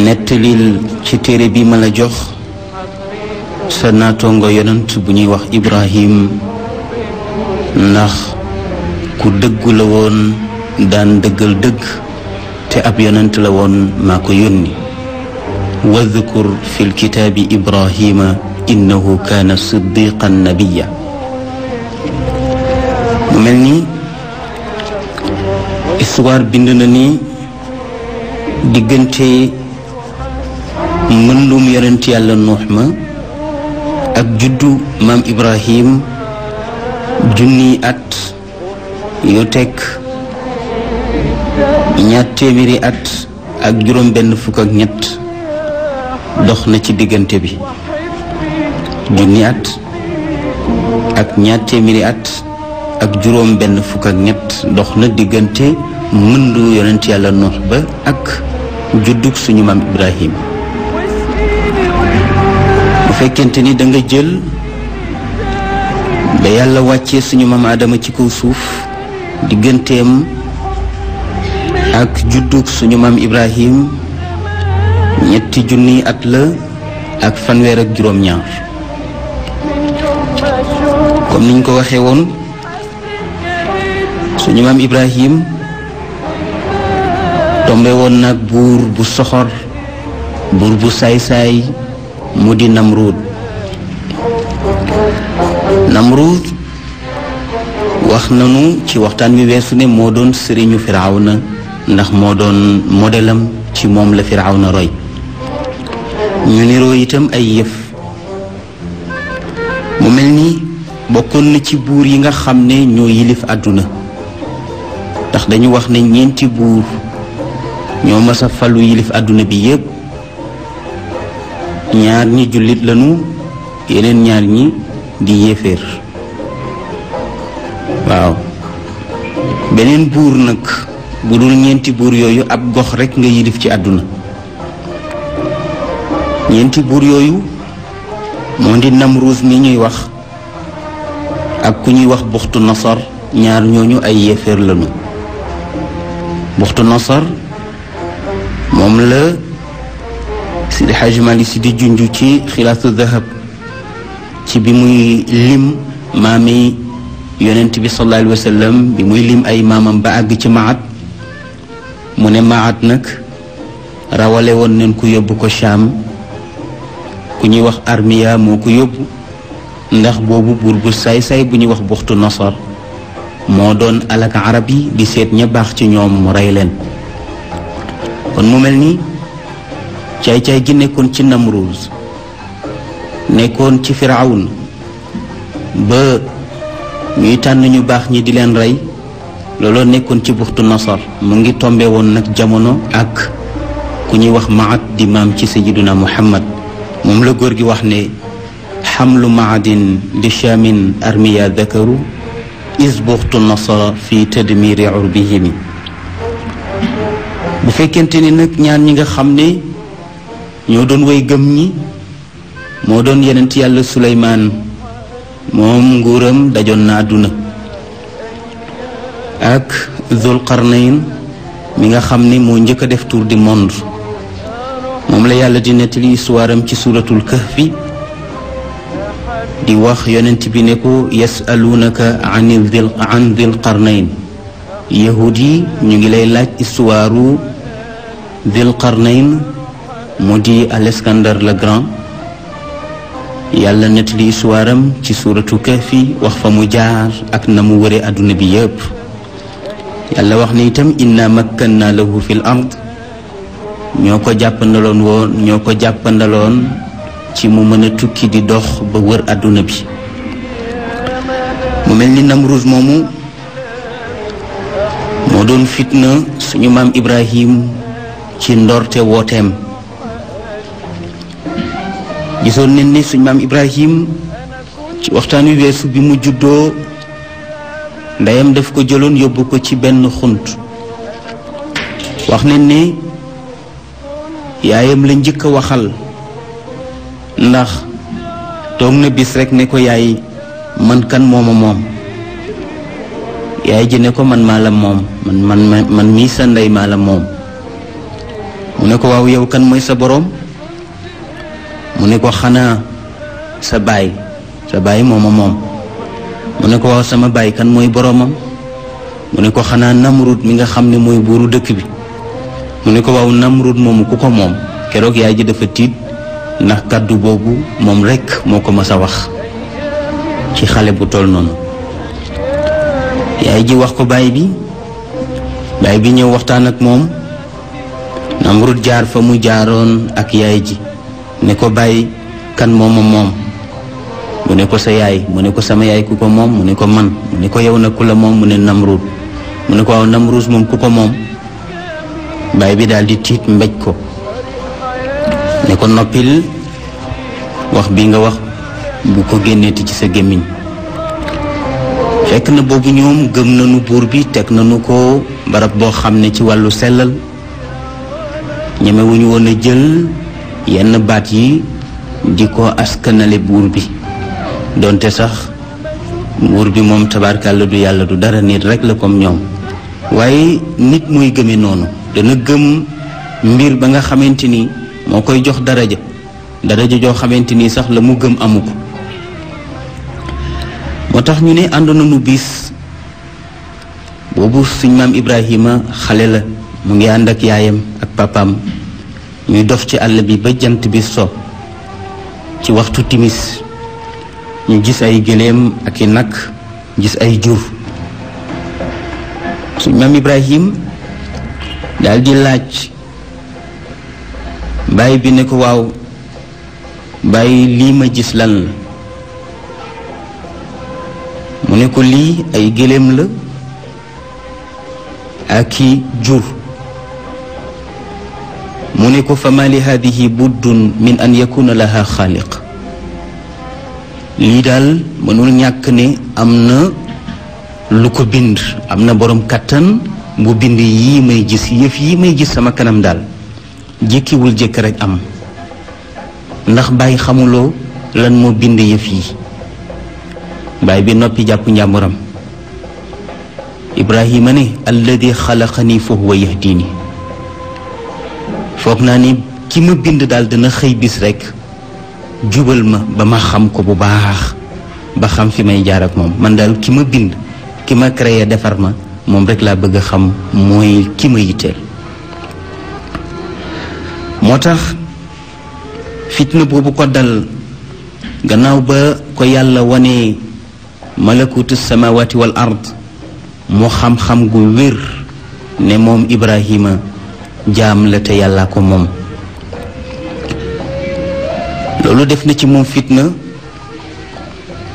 nettalil ci téere bi ma la jox sa naatongo yonent bu ñuy wax ibrahim ndax ku dëggu la woon daan dëggal dëgg te ab yonent la woon maa ko yónni wadkur fi lkitaabi ibrahima innahu kaana siddiqan nabiyya mu mel ni histoire bind na ni diggante mën lum yonent yàlla nuux ma ak juddu maam Ibrahim junniy at yu teg ñaar téeméeri at ak juróom benn fukk ak ñett dox na ci diggante bi junni at ak ñaar téeméeri at ak juróom benn fukk ak ñett dox na diggante mëndu yonent yàlla noox ba ak juddug suñu maam Ibrahim bu fekkente ni danga jël ba yàlla wàcce suñu maam aadama ci kaw suuf digganteem ak juddug suñu maam Ibrahim ñetti junniy at la ak fanweer ak juróom-ñaar. comme niñ ko waxee woon suñu maam Ibrahim tombe woon nag buur bu soxor buur bu saay-saay mu di Namruud Namruud wax nanu ci waxtaan wi weesu ne moo doon sëriñu na ndax moo doon modelam ci moom la na roy ñu niroo itam ay yëf mu mel ni bokon na ci bour yi nga xamne ne yilif aduna tax dañu wax ne ñenti bour ñoo mas falu yilif aduna bi yeb ñaar ñi julit lañu yeneen ñaar ñi di yefer waaw benen bour nak bu dul ñenti bour yoyu ab gox rek nga yilif ci aduna ñenti bour yoyu moo di namruus ñuy wax ak ku ñuy wax buxtu nasar ñaar ñooñu ay yéeféer lañu buxtu nasar moom la sidi xaaji mali si di junj ci xilaatu dahab ci bi muy lim maami yonent bi sallallahu alayhi wa sallam bi muy lim ay maamam ba àgg ci maat mu ne maat nag rawale woon nañ ku yóbbu ko Cham ku ñuy wax armiya moo ko yóbbu ndax boobu buur bu saay-saay bu ñuy wax buxtu nasar moo doon alak arab yi di seet ña baax ci ñoom mu rey leen kon mu mel ni caay-caay gi nekkoon ci Namruus nekkoon ci Firawun ba ñuy tànn ñu baax ñi di leen rey looloo nekkoon ci buxtu nasar mu ngi tombe woon nag jamono ak ku ñuy wax maat di maam ci na Muhammad moom la góor gi wax ne حمل معد لشام أرميا ذكر إذ بغت النصر في تدمير عربهم bu fekkente ni nag ñaan ñi nga xam ne ñoo doon way gëm ñi moo doon yenent yàlla suleymaan moom nguuram dajoon na àdduna ak zul qarnayn mi nga xam ne moo njëkk a def tour du monde moom la yàlla di nettali histoire am ci suratul kahfi دي واخ يننتي بينكو يسالونك عن ذل عن ذي القرنين يهودي نيغي لاي لاج استوارو ذي القرنين مودي الاسكندر لا غران يالا نتلي سوارم تي سوره كهفي واخ فمو جار اك نمو وري ادنا بي ييب يالا واخني تام ان مكننا له في الارض نيوكو جابندلون وون نيوكو جابندلون ci mu mën tukki di dox ba wër àdduna bi mu mel ni Namruus moomu moo doon fitna suñu maam Ibrahim ci ndoorte wooteem gisoon nañ ni suñu maam Ibrahim ci waxtaan wi weesu bi mu juddoo ndeyam daf ko jëloon yóbbu ko ci benn xunt wax nañ ni yaayam la njëkk a waxal ndax toog na bis rek ne ko yaay man kan mooma moom yaay ji ne ko man maa la moom man mii sa ndey maa la moom mu ne ko waaw yow kan mooy sa boroom mu ne ko xanaa sa baay sa baay mooma moom mu ne ko waaw sama baay kan mooy boroomam mu ne ko xanaa namrut mi nga xam ne mooy buuru dëkk bi mu ne ko waaw namrut moomu ku ko moom keroog yaay ji dafa tiit ndax kàddu boobu moom rekk moo ko mas a wax ci xale bu toll noonu yaay ji wax ko baay bi baay bi ñëw waxtaan ak moom Namrud jaar fa mu jaaroon ak yaay ji ne ko bàyyi kan mooma moom mu ne ko sa yaay mu ne ko sama yaay ku ko moom mu ne ko man mu ne ko yow na ku la moom mu ne Namrud mu ne ko waaw Namrud moom ku ko moom baay bi daal di tiit mbéj ko ne ko noppil wax bi nga wax bu ko génneeti ci sa gémmiñ fekk na boobu ñoom gëm nañu buur bi teg nañu ko barab boo xam ne ci wàllu sellal ñemewuñu woon a jël yenn baat yi di ko askanale buur bi donte sax buur bi moom tabarkàlla du yàlla du dara nit rek la comme ñoom waaye nit mooy gëme noonu dana gëm mbir ba nga xamante ni moo koy jox daraja daraja joo xamante ni sax la mu gëm amu ko moo tax ñu ne ànd nañu bis boobu suñ maam ibrahima xale la mu ngi ànd ak yaayam ak papaam ñuy dof ci àll bi ba jant bi so ci waxtu timis ñu gis ay gëléem ak i gis ay jur suñ maam ibrahim daal di laaj bàyyi bi ne ko waaw bàyyi lii ma gis lan la mu ne ko lii ay gëléem la ak i jur mu ne ko fa ma li haadihi buddun min an yakuna laha xaaliq lii daal mënul ñàkk ne am na lu ko bind am na boroom kàttan bu bind yii may gis yëf yii may gis sama kanam daal jékkiwul jékk rek am ndax bàyyi xamuloo lan moo bind yëf yi bàyyi bi noppi jàpp njàmburam ibrahima ne alladi xalaqani fa huwa yahdini foog naa ni ki ma bind daal dina xëy bis rek jubal ma ba ma xam ko bu baax ba xam fi may jaar ak moom man daal ki ma bind ki ma créé defar ma moom rek laa bëgg a xam mooy ki ma yitteel moo tax fitna boobu ko dal gannaaw ba ko yàlla wane malakutu samawati wal ard mu xam-xam gu wér ne moom Ibrahima jaam la te yàlla ko moom loolu def na ci moom fitna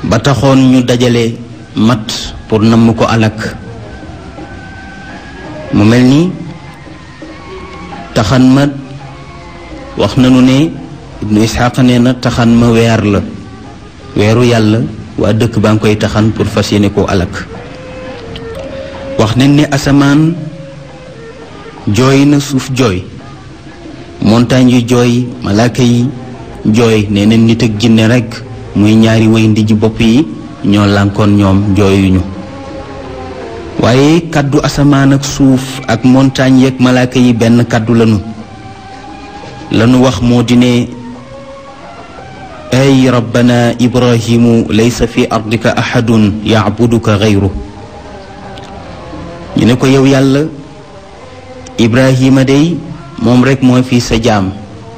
ba taxoon ñu dajale mat pour namm ko alak mu mel ni taxan mat wax nañu ne ibnu isxaq nee na taxan ma weer la weeru yàlla waa dëkk baa ngi koy taxan pour fas yéene koo alak wax nañ ne asamaan jooy na suuf jooy montagne yu jooy malaaka yi jooy nee na nit ak jinne rekk muy ñaari way ndiji bopp yi ñoo lànkoon ñoom jooyuñu waaye kàddu asamaan ak suuf ak montagne yeeg malaaka yi benn kàddu lañu lanu wax moo di ne ay rabbana ibrahimu laysa fi ardika ahadun yacbuduka gayru ñu ne ko yow yàlla ibrahima day moom rek mooy fii sa jaam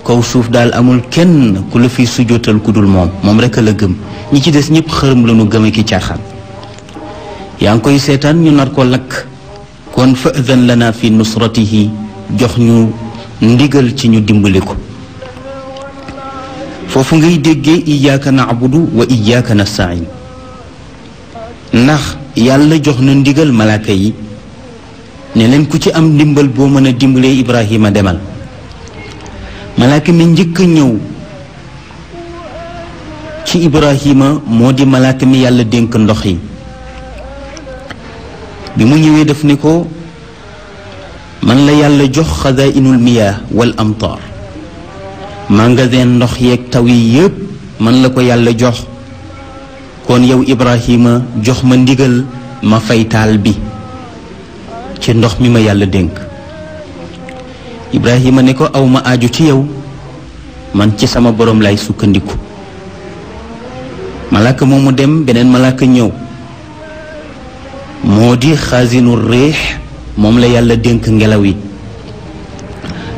kaw suuf daal amul kenn ku la fi sujootal ku dul moom moom rek la gëm ñi ci des ñëpp xërëm lañu gëm ki caaxaan yaa ngi koy seetaan ñu nar ko lakk kon fa'dan lana fi nusratihi jox ñu ndigal ci ñu dimbali ko foofu ngay déggee iyaaka naabudu wa iyaaka nastain ndax yàlla jox na ndigal malaaka yi ne leen ku ci am ndimbal boo mën a dimbalee Ibrahima demal malaaka mi njëkk ñëw ci Ibrahima moo di malaaka mi yàlla dénk ndox yi bi mu ñëwee daf ne ko man la yàlla jox xadainul miyaa wal amtaar magasin ndox yeeg taw yi yépp man la ko yàlla jox kon yow Ibrahima jox ma ndigal ma fay taal bi ci ndox mi ma yàlla dénk Ibrahima ne ko aw ma aaju ci yow man ci sama boroom lay sukkandiku malaaka moomu dem beneen malaaka ñëw moo di xaasinu réex moom la yàlla dénk ngelaw yi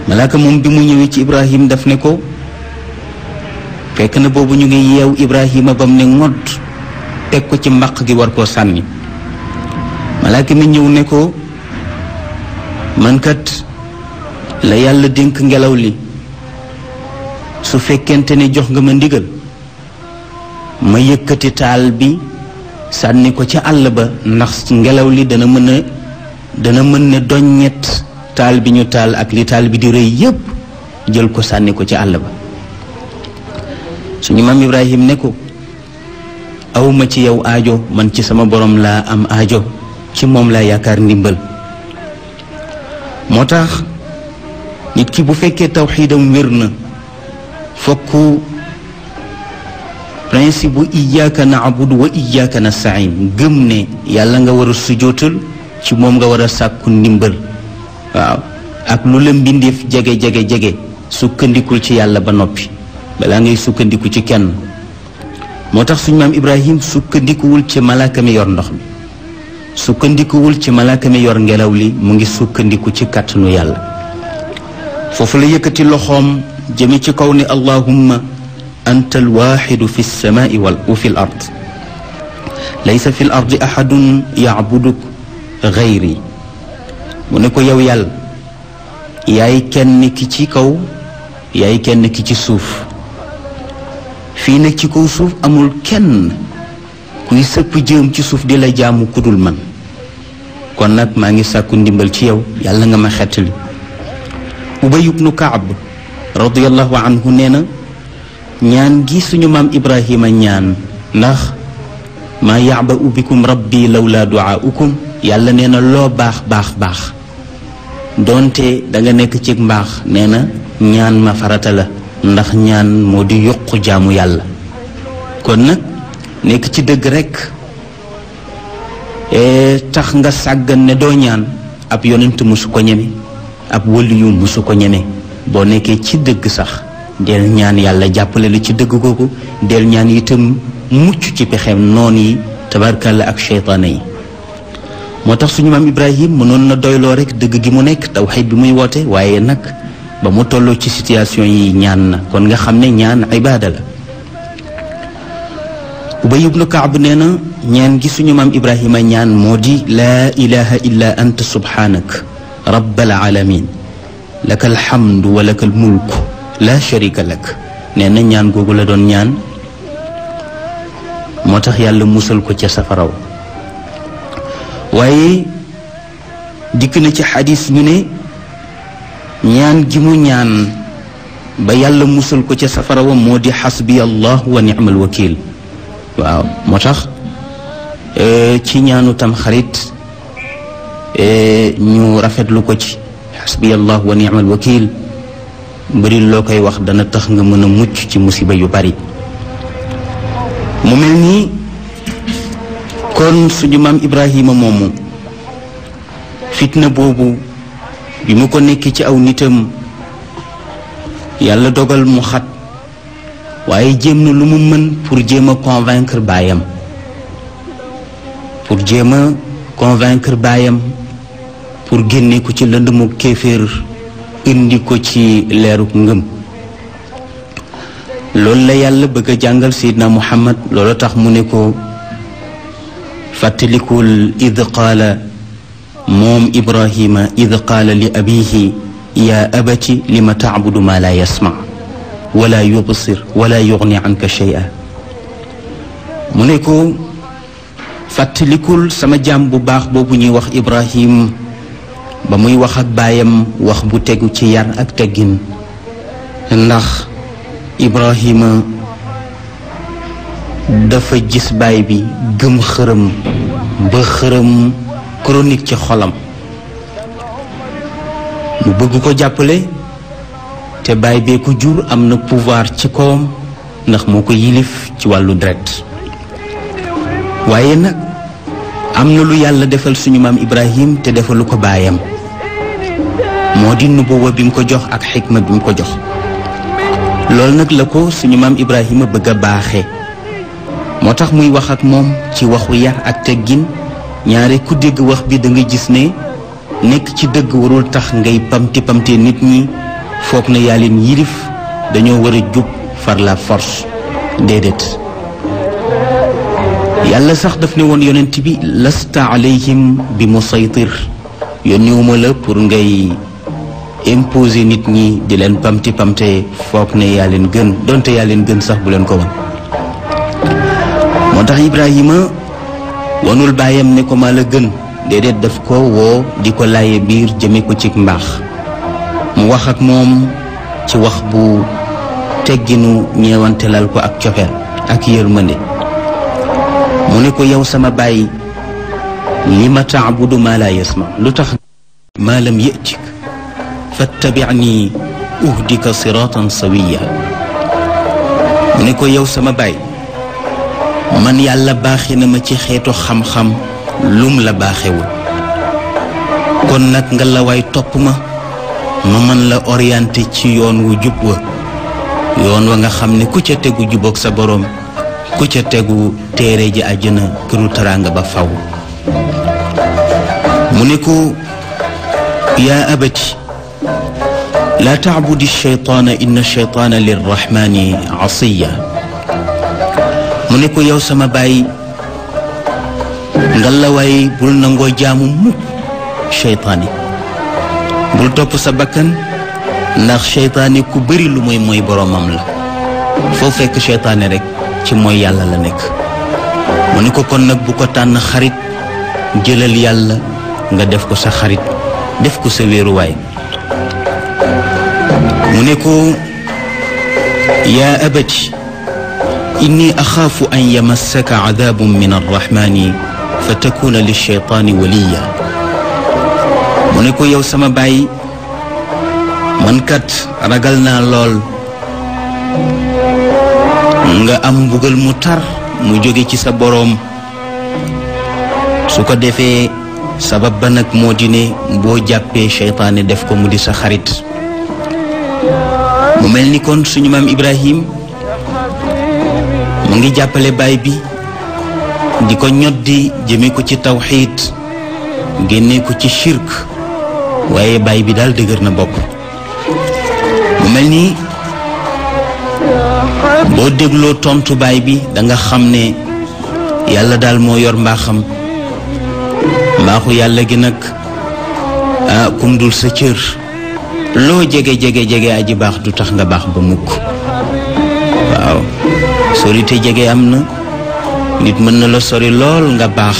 malaaka moom bi mu ñëwee ci ibrahim daf ne ko fekk na boobu ñu ngi yeew ibrahima ba mu ne ngodd teg ko ci mbaq gi war koo sànni malaaka mi ñëw ne ko man kat la yàlla dénk ngelaw li su fekkente ne jox nga ma ndigal ma yëkkati taal bi sànni ko ci àll ba ndax ngelaw li dana mën dana mën ne doññet taal bi ñu taal ak li taal bi di rëy yépp jël ko sànni ko ci àll ba suñu maam Ibrahim ne ko awma ci yow aajo man ci sama boroom laa am aajo ci moom laa yaakaar ndimbal moo tax nit ki bu fekkee tawxiidam wér na fokk principe bu iyaaka naabudu wa iyaaka nastain gëm ne yàlla nga war a ci moom nga war a sàkku ndimbal waaw ak lu la mbindeef jege jege jege sukkandikul ci yàlla ba noppi bala ngay sukkandiku ci kenn moo tax suñ maam Ibrahim sukkandikuwul ci malaaka mi yor ndox mi sukkandikuwul ci malaaka mi yor ngelaw li mu ngi sukkandiku ci kàttanu yàlla foofu la yëkkati loxoom jëme ci kaw ne allahumma anta alwaxidu fi lsamaai wal fi l ard laysa fi l axadun yacbuduk xayri mu ne ko yow yàlla yaay kenn ki ci kaw yaay kenn ki ci suuf fii nag ci kaw suuf amul kenn kuy sëpp jëm ci suuf di la jaamu kudul man kon nag maa ngi sàkku ndimbal ci yow yàlla nga ma xettali Ubay ibnu Kaab radiyallahu nee na ñaan gi suñu maam Ibrahima ñaan ndax maa ya'ba'u bikum rabbi lawla du'aa'ukum yàlla nee na loo baax baax baax doonte danga nekk ci mbaax nee na ñaan ma farata la ndax ñaan moo di yokku jaamu yàlla kon nag nekk ci dëgg rekk e, tax nga sàggan ne doo ñaan ab yonent musu ko ñeme ab wëliyu musu ko ñeme boo nekkee ci dëgg sax del ñaan yàlla jàppale la ci dëgg kooku del ñaan itam mucc ci pexeem noon yi tabarkàlla ak seytaane yi motax suñu mam Ibrahim mënon na doylo rek deug gi mu nek tawhid bi muy woté wayé nak ba mu tollo ci situation yi ñaan na kon nga xamné ñaan ibaada la Ubay ibn ka'b neena ñaan gi suñu maam Ibrahima ñaan modi la ilaha illa anta subhanak rabbal alamin lakal alhamdu wa laka almulk la sharika lak nee na ñaan googu la doon ñaan moo yàlla musal ko waaye dikk na ci xadis ñu ne ñaan gi mu ñaan ba yàlla musal ko ca safara wa moo di xasbi allah wa ni'mal wakil waaw moo tax e, ci ñaanu tam xarit e, ñu rafetlu ko ci xasbi allah wa ni'mal wakil bëri loo koy wax dana tax nga mën a mucc ci musiba yu bari mu mel nii kon suñu maam Ibrahima moomu fitna boobu bi mu ko nekk ci aw nitam yàlla dogal mu xat waaye jéem na lu mu mën pour jéem a baayam pour jéem a convaincre baayam pour génne ko ci lëndëmu kéeféer indi ko ci leeru ngëm loolu la yàlla bëgg a jàngal Seydina Muhammad loolu tax mu ne ko فتلكل إذ قال موم إبراهيم إذ قال لأبيه يا أبتي لما تعبد ما لا يسمع ولا يبصر ولا يغني عنك شيئا منيكو فتلكل سما جامب باخ بوبو ني إبراهيم بموي واخ اك بايام واخ بو تيغو تي إبراهيم dafa gis baay bi gëm xërëm ba xërëm chronique ci xolam mu bëgg ko jàppale te baay bee ko jur am na pouvoir ci kawam ndax moo ko yilif ci wàllu deret waaye nag am na lu yàlla defal suñu maam Ibrahim te defalu ko baayam moo di nubuwa bi mu ko jox ak xikma bi mu ko jox loolu nag la ko suñu maam Ibrahima bëgg a baaxee moo tax muy wax ak moom ci waxu yar ak teggin ñaare ku dégg wax bi danga gis ne nekk ci dëgg warul tax ngay pamti pamte nit ñi foog na yaa leen yirif dañoo war a jub far la force déedéet yàlla sax daf ne woon yonent bi lasta alayhim bi musaytir yónniwuma la pour ngay imposer nit ñi di leen pamti pamte foog na yaa leen gën donte yaa leen gën sax bu leen ko wan moo tax Ibrahima wanul baayam ne ko maa la gën déedéet daf ko woo di ko laaye biir jëme ko ci mbaax mu wax ak moom ci wax bu tegginu ñeewantelal ko ak coxeel ak yërmande mu ne ko yow sama baay li ma taabudu maa laa yasma lu tax maa lam yëtik fattabicni uhdika siratan sawiya ko yow sama baay man yàlla baaxe na ma ci xeetu xam-xam lum la baaxewul kon nag nga la waay topp ma ma mën la orienté ci yoon wu jub wa yoon wa nga xam ne ku ca tegu juboog sa boroom ku ca tegu téere ji àjjana këru taraanga ba faw mu ne ko yaa abati laa taabudi shaytaana inna shaytaana lirrahmaani asiya mu ne ko yow sama baay nga la waay bul nangoo jaamu mukk seytaan bul topp sa bakkan ndax seytaan ku bëri lu mooy mooy boromam la foo fekk seytaane rekk ci mooy yàlla la nekk mu ne ko kon nag bu ko tànn xarit jëlal yàlla nga def ko sa xarit def ko sa wéeruwaay mu ne ko yaa abati inni axaafu an yamassaka cadaabun min arrahmaani fa takuna lilcheytaani waliya mu ne ko yow sama baay man kat ragal naa lool nga am mbugal mu tar mu jóge ci sa boroom su ko defee sabab ba nag moo di ne boo jàppee seytaane def ko mu di sa xarit mu mel ni kon suñu maam Ibrahim mu ngi jàppale baay bi di ko ñoddi jëme ko ci tawxiid génne ko ci shirk waaye baay bi daal dëgër na bokk mu mel ni boo dégloo tontu baay bi danga xam ne yàlla daal moo yor mbaaxam mbaaxu yàlla gi nag ah kum dul sa cër loo jege jege jege aji baax du tax nga baax ba mukk sori te jege am na nit mën na la sori lool nga baax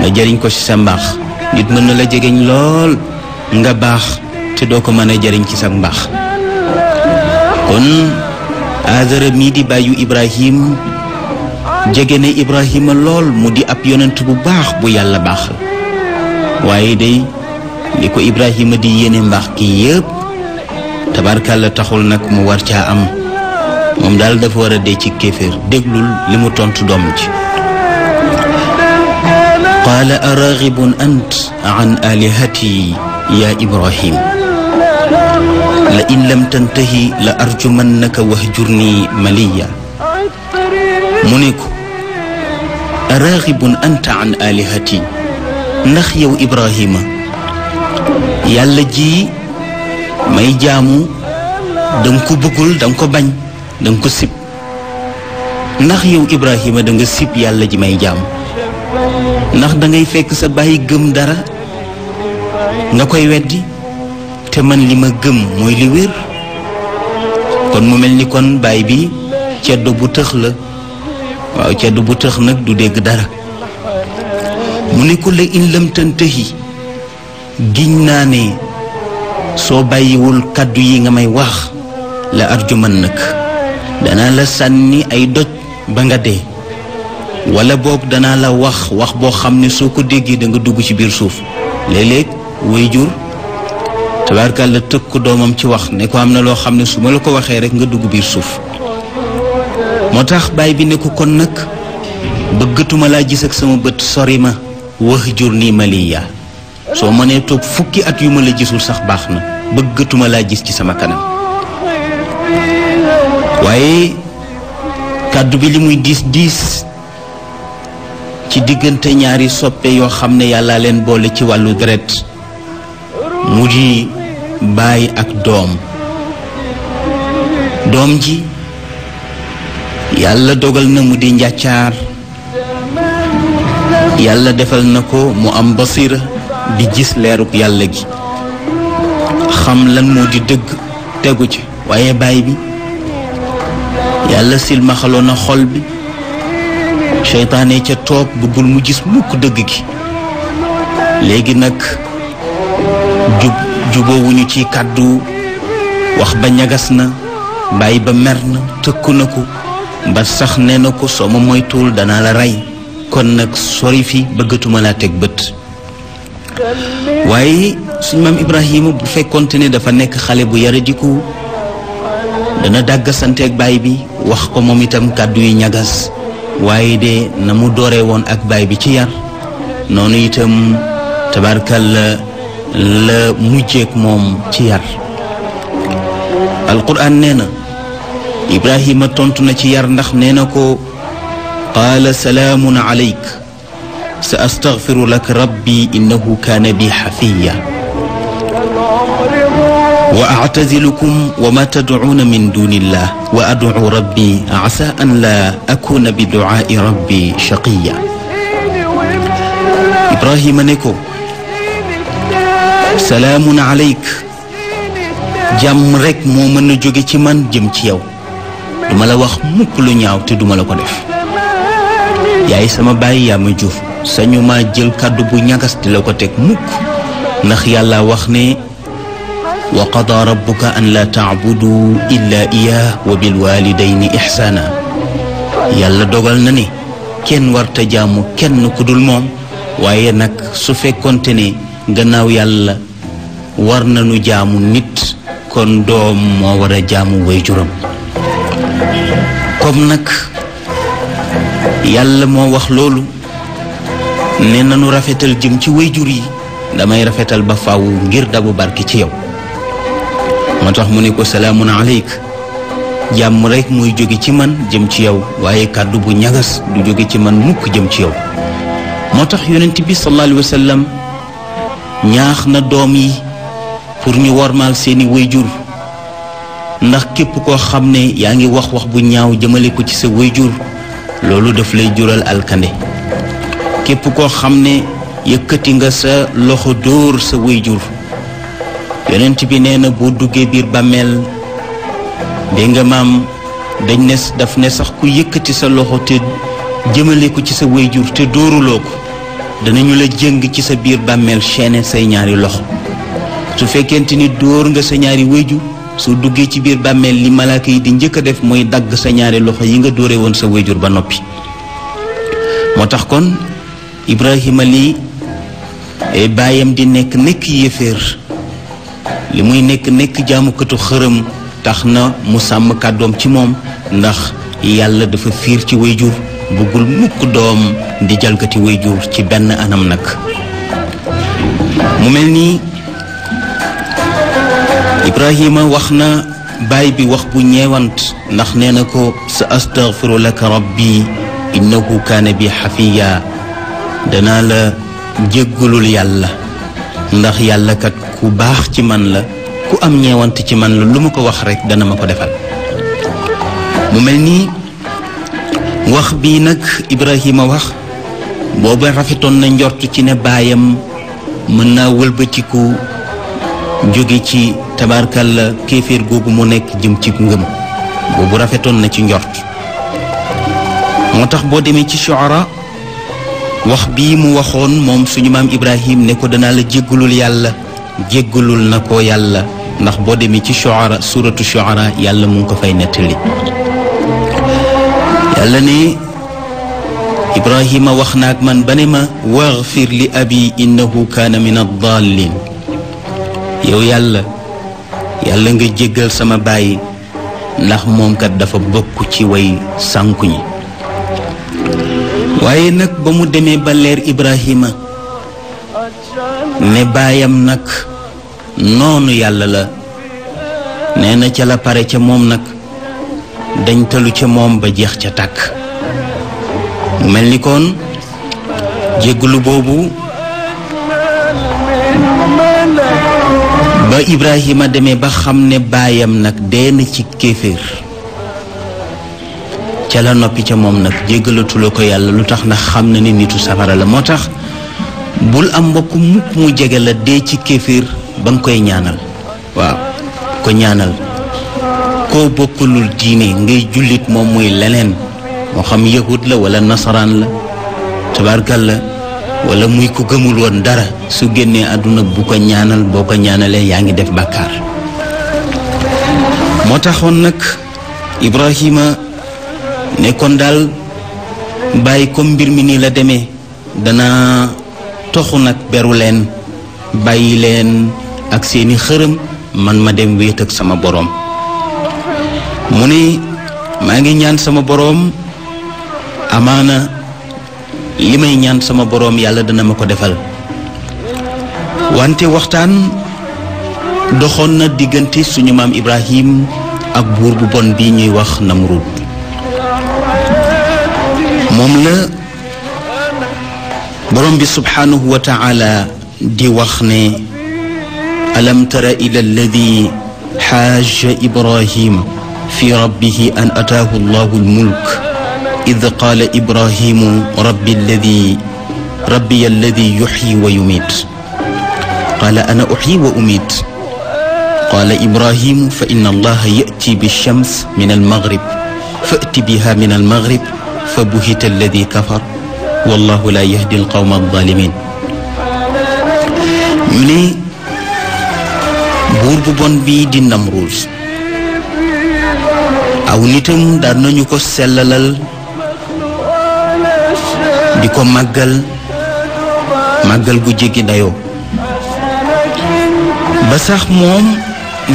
nga jëriñ ko ci sa mbaax nit mën na la jegeñ lool nga baax te doo ko mën a jëriñ ci sa mbaax kon Aadara mii di bàyyu Ibrahim jege na Ibrahima lool mu di ab yonent bu baax bu yàlla baaxal waaye day li ko Ibrahima di yéene mbaax gi yépp tabarkàlla taxul nag mu war caa am moom daal dafa war a dee ci kéeféer déglul li mu tontu doom ji qaala araagibun ant an alihati ya ibrahim la in lam tantahi la arjumannaka wahjurni maliya mu ne ko araagibun ant an alihati ndax yow ibrahima yàlla ji may jaamu danga ko bëggul danga ko bañ danga ko sib ndax yow Ibrahima da nga sib yàlla ji may jàmm ndax dangay fekk sa bàyyi gëm dara nga koy weddi te man li ma gëm mooy li wér kon mu mel ni kon baay bi ceddo bu tëx la waaw ceddo bu tëx nag du dégg dara mu ne ko la in lam giñ naa ne soo bàyyiwul kàddu yi nga may wax la arjuman nag danaa la sànni ay doj ba nga dee wala boog danaa la wax wax boo xam ne soo ko déggee da nga dugg ci biir suuf lée léeg way jur tabaarkàlla ko doomam ci wax ne ko am na loo xam ne su ma la ko waxee rek nga dugg biir suuf moo tax baay bi ne ku kon nag bëggatuma laa gis ak sama bët sori ma wax jur nii maliya soo mënee toog fukki at yu ma la gisul sax baax na bëggatuma laa jis ci sama kanam waaye kàddu bi li muy diis diis ci diggante ñaari soppe yoo xam ne yàlla leen boole ci wàllu deret mu di baay ak doom doom ji yàlla dogal na mu di njàccaar yàlla defal na ko mu am basira di gis leeruk yàlla gi xam lan moo di dëgg tegu ci waaye baay bi yàlla silmaxaloon na xol bi seytaane ca toog bëggul mu gis mukk dëgg gi léegi nag jub jubóowuñu ci kàddu wax ba ñagas na bàyyi ba mer na tëkku na ko ba sax nee na ko soo ma moytuwul danaa la rey kon nag sori fi bëggatuma laa teg bët waaye suñ maam Ibrahima bu fekkonte ne dafa nekk xale bu yaradiku dana dàggasanteeg baay bi wax ko moom itam kàddu yu ñagas waaye de na mu doore woon ak baay bi ci yar noonu itam tabarkal la la mujjeek moom ci yar alquran nee na ibrahima tontu na ci yar ndax nee na ko qaala salaamun alayk sa astaghfiru lak rabbi innahu kaana bi xafiya wa actazilukum wa ma tadcuuna min duunillah wa adcu rabbi asa an laa akuuna bi ducaai rabbi shaqiya ibrahima ne ko salaamun aleyk jàmm rekk moo mën a jóge ci man jëm ci yow duma la wax mukk lu ñaaw te duma la ko def yaay sama bàyyi yaa ma jur sañu ma jël kàddu bu ñagas di la ko teg mukk ndax wax ne wa qadaa rabbuka an laa tacbudu illa iyaah wa bilwaalidayni ixsaana yàlla dogal na ni kenn warta jaamu kenn ku dul moom waaye nag su fekkonte ne gannaaw yàlla war nañu jaamu nit kon doom moo war a jaamu waajuram comme nag yàlla moo wax loolu ne na nanu rafetal jëm ci waajur yi damay rafetal ba faaw ngir dabu barke ci yow moo tax mu ne ko salaamun aleyk jàmm rek muy jóge ci man jëm ci yow waaye kàddu bu ñagas du jóge ci man mukk jëm ci yow moo tax yonent bi sallallahu alayhi wa ñaax na doom yi pour ñu wormaal seeni wayjur ndax képp koo xam ne yaa ngi wax wax bu ñaaw jëmale ko ci sa wayjur loolu daf lay jural alkande képp koo xam ne yëkkati nga sa loxo dóor sa wayjur yonent bi nee na boo duggee biir bàmmeel dégg nga maam dañ ne daf ne sax ku yëkkati sa loxo te jëmale ko ci sa wayjur te dóoruloo ko danañu la jëng ci sa biir bàmmeel chaîné say ñaari loxo su fekkente ni dóor nga sa ñaari wayjur soo duggee ci biir bàmmeel li malaaka yi di njëkk def mooy dagg sa ñaari loxo yi nga dóore woon sa wayjur ba noppi moo tax kon Ibrahima lii eh, baayam di nekk nekk yéeféer li muy nekk nekk jaamukatu xërëm tax na mu sàmm kàddoom ci moom ndax yàlla dafa fiir ci wayjur bëggul mukk doom di jalgati wayjur ci benn anam nag mu mel ni ibrahima wax na baay bi wax bu ñeewant ndax nee na ko sa astaghfiru laka rabbi innahu kaana bi xafiya danaa la jéggalul yàlla ndax yàlla kat ku baax ci man la ku am ñeewant ci man la lu ma ko wax rekk dana ma ko defal mu mel nii wax bii nag Ibrahima wax booba rafetoon na njort ci ne baayam mën naa wëlbatiku jóge ci tabarkalla kéeféer googu mu nekk jëm ci ngëm boobu rafetoon na ci njort moo tax boo demee ci shuara wax bi mu waxon mom suñu mam ibrahim ne ko dana la jéggalul yàlla jéggalul nako yàlla ndax bo demi ci shuara suratu shuara yàlla mu ko fay netali yàlla ni ibrahim waxna ak man ba waghfir li abi innahu kana min ad-dallin yow yàlla yàlla nga jéggal sama baye ndax mom kat dafa bokku ci way sankuñi waaye nag ba mu demee ba leer Ibrahima ne baayam nag noonu yàlla la nee na ca la pare ca moom nag dañ ca moom ba jeex ca tàkk mel ni koon jégglu boobu ba Ibrahima demee ba xam ne baayam nag dee na ci kéeféer ca la noppi ca moom nag jéggalatula ko yàlla lu tax ndax xam na ni nitu safara la moo tax bul am mbokk mukk mu jege la dee ci kéefir ba nga koy ñaanal waaw ko ñaanal koo bokkulul diine ngay jullit moom muy leneen moo xam yahud la wala nasaraan la tabarkal la wala muy ku gëmul woon dara su génnee àdduna bu ko ñaanal boo ko ñaanalee yaa ngi def bàkkaar moo taxoon nag Ibrahima ne kon daal bàyyi ko mbir mi nii la deme danaa toxu nag beru leen bàyyi leen ak seeni xërëm man ma dem wéet sama boroom mu ni maa ngi ñaan sama boroom amaana li may ñaan sama boroom yàlla dana ma ko defal wante waxtaan doxoon na diggante suñu maam Ibrahim ak buur bu bon bi ñuy wax Namrud moom borom bi subhanahu wa taala di wax ne alam tara ila alladhi haja ibrahim fi rabbihi an ataahu allah almulk إذ قال إبراهيم ربي الذي ربي الذي يحيي ويميت قال أنا أحيي وأميت قال إبراهيم فإن الله يأتي بالشمس من المغرب فأت بها من المغرب فبهت الذي كفر والله لا يهدي القوم الظالمين مني بورب بون بي دي نمروز او نيتم دار نانيو كو سلالال ديكو ماغال ماغال بو جيكي دايو بسخ موم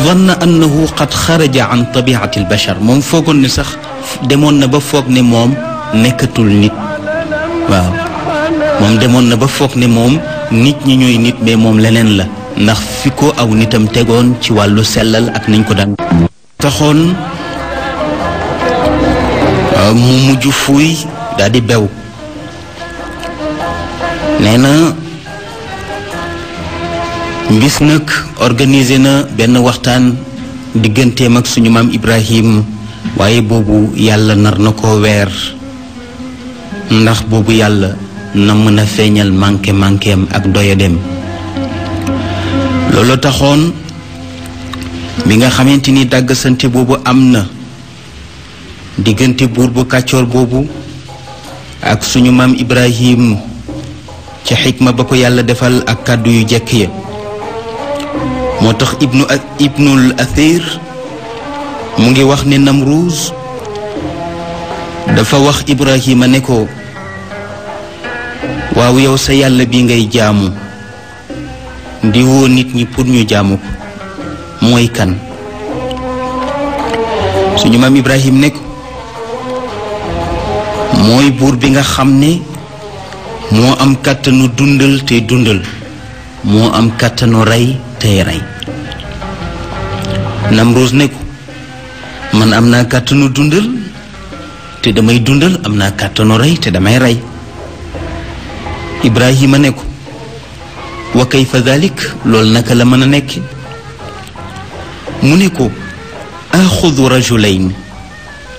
ظن انه قد خرج عن طبيعه البشر من فوق النسخ ديمون نبا فوق ني موم nekatul nit waaw moom demoon na ba foog ne moom nit ñi ñooy nit mais moom leneen la ndax fi aw nitam tegon ci wàllu sellal ak nañ ko daan taxoon mu mujj fuuy daal di bew nee na bis nag organisé na benn waxtaan digganteem ak suñu maam ibrahim waaye boobu yàlla nar na ndax boobu yàlla na mën a feeñal manqué manquéem ak doyadeem loolu taxoon bi nga xamante ni dàgg boobu am na diggante buur bu kàccoor boobu ak suñu maam Ibrahim ca xikma ba ko yàlla defal ak kàddu yu jekk ya moo tax ibnu ak ibnul athir mu ngi wax ne Namruus dafa wax Ibrahima ne ko waaw yow sa yàlla bi ngay jaamu di woo nit ñi pour ñu jaamu ko mooy kan suñu maam Ibrahim ne ko mooy buur bi nga xam ne moo am kàttanu dundal te dundal moo am kàttanu rey tey rey Namruus ne ko man am naa kàttanu dundal te damay dundal am naa kàttanu rey te damay rey Ibrahima ne ko wa kayfa dhalik loolu naka la mën a nekk mu ne ko axudu rajulayn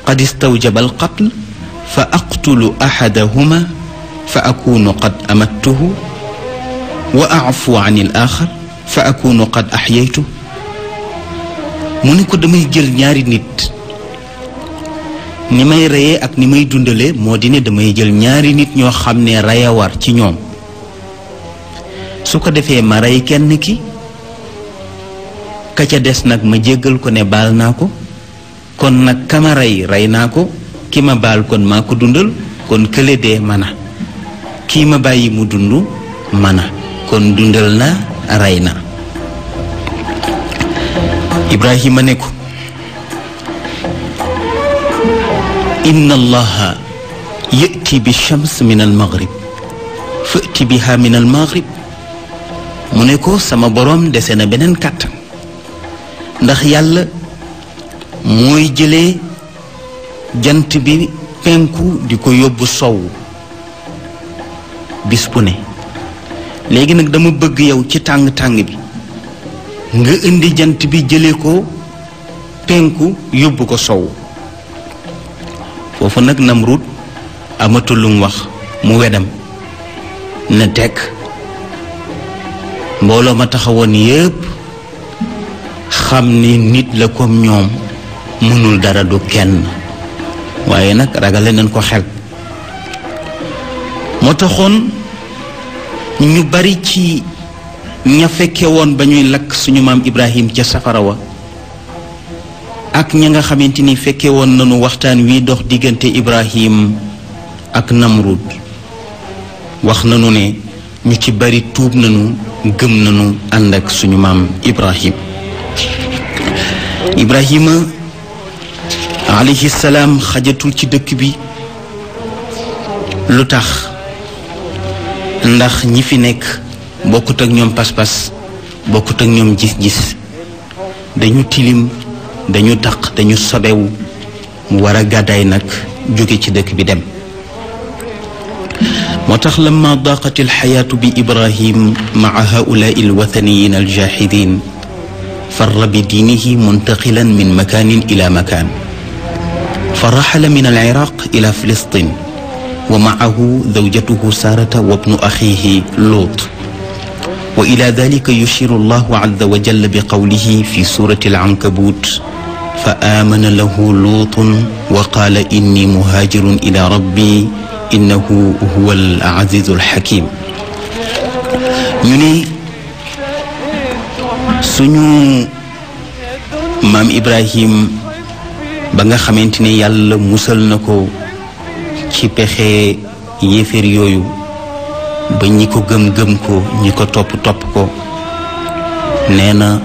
qad istawjaba alqatl fa aqtulu axadahuma fa akunu qad amattuhu wa afu an al axar fa akunu qad axyaytu mu ne ko damay jël ñaari nit ni may reyee ak ni may dundale moo di ne damay jël ñaari nit ñoo xam ne rey ci ñoom su ko defee ma rey kenn ki ka ca des nag ma jéggal ko ne baal naa ko kon nag ka ma rey naa ko ki ma baal kon maa ko dundal kon kële dee mana kii ma bàyyi mu dund mana kon dundal na rey na Ibrahima ne ko inna allaha yati bi shams min al maghrib fëti biha min al maghrib mu ne ko sama boroom dese na beneen kàttan ndax yàlla mooy jëlee jant bi penku di ko yóbbu sow bis bu ne léegi nag dama bëgg yow ci tàng-tàng bi nga indi jant bi jëlee ko penku yóbbu ko sow foofu nag Namrud amatul lu wax mu wedam ne tekk mbooloo ma taxawoon yépp xam ni nit la comme ñoom mënul dara du kenn waaye nag ragale nañ ko xel moo taxoon ñu bari ci ña fekke woon ba ñuy lakk suñu maam Ibrahim ca safara wa ak ña nga xamante ni fekke woon nañu waxtaan wi dox diggante Ibrahim ak Namrud wax nañu ne ñu ci bari tuub nañu gëm nañu ànd ak suñu maam Ibrahim Ibrahima alayhi salaam xajatul ci dëkk bi lu tax ndax ñi fi nekk bokkut ak ñoom pas-pas bokkut ak ñoom gis-gis dañu tilim dañu taq dañu sobewu mu wara gaday nak jóge ci dëkk bi dem moo tax lama daqat hayat bi ibrahim ma haula al maa haulaai alwathaniyin aljaahidin فر بدينه منتقلا من مكان إلى مكان فرحل من العراق إلى فلسطين ومعه زوجته سارة وابن أخيه لوط وإلى ذلك يشير الله عز وجل بقوله في سورة العنكبوت فآمن له لوط وقال إني مهاجر إلى ربي إنه هو العزيز الحكيم يني سنو مام إبراهيم بنغا خمينتني nga xamante ne yàlla musal ba ñi ko gëm gëm ko ñi ko topp topp ko nee na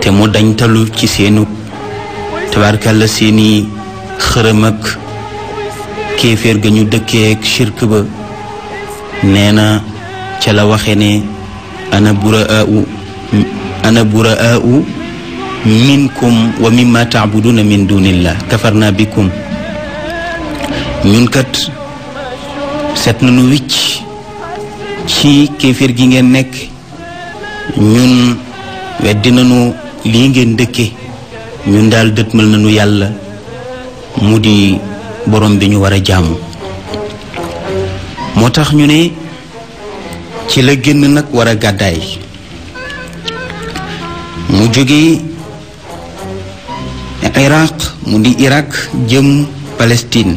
te mu dañtalu ci seenu tabaarkàlla seeni xërëm ak kéeféer ga ñu dëkkee ak shirk ba nee na ca la waxe ne ana buraau ana buraau minkum wa mimma taabuduna min dunillah kafarna bikum ñun kat set nañu wicc ci kéeféer gi ngeen nekk ñun weddi nañu lii ngeen dëkke ñun daal dëtmal nañu yàlla mu di borom bi ñu war a jaamu moo tax ñu ne ci la génn nag war a gàddaay mu jóge iraq mu di iraq jëm palestine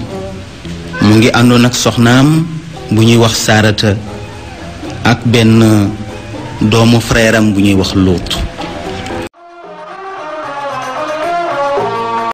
mu ngi àndoon ak soxnaam bu ñuy wax saarata ak benn doomu frère bu ñuy wax Lóot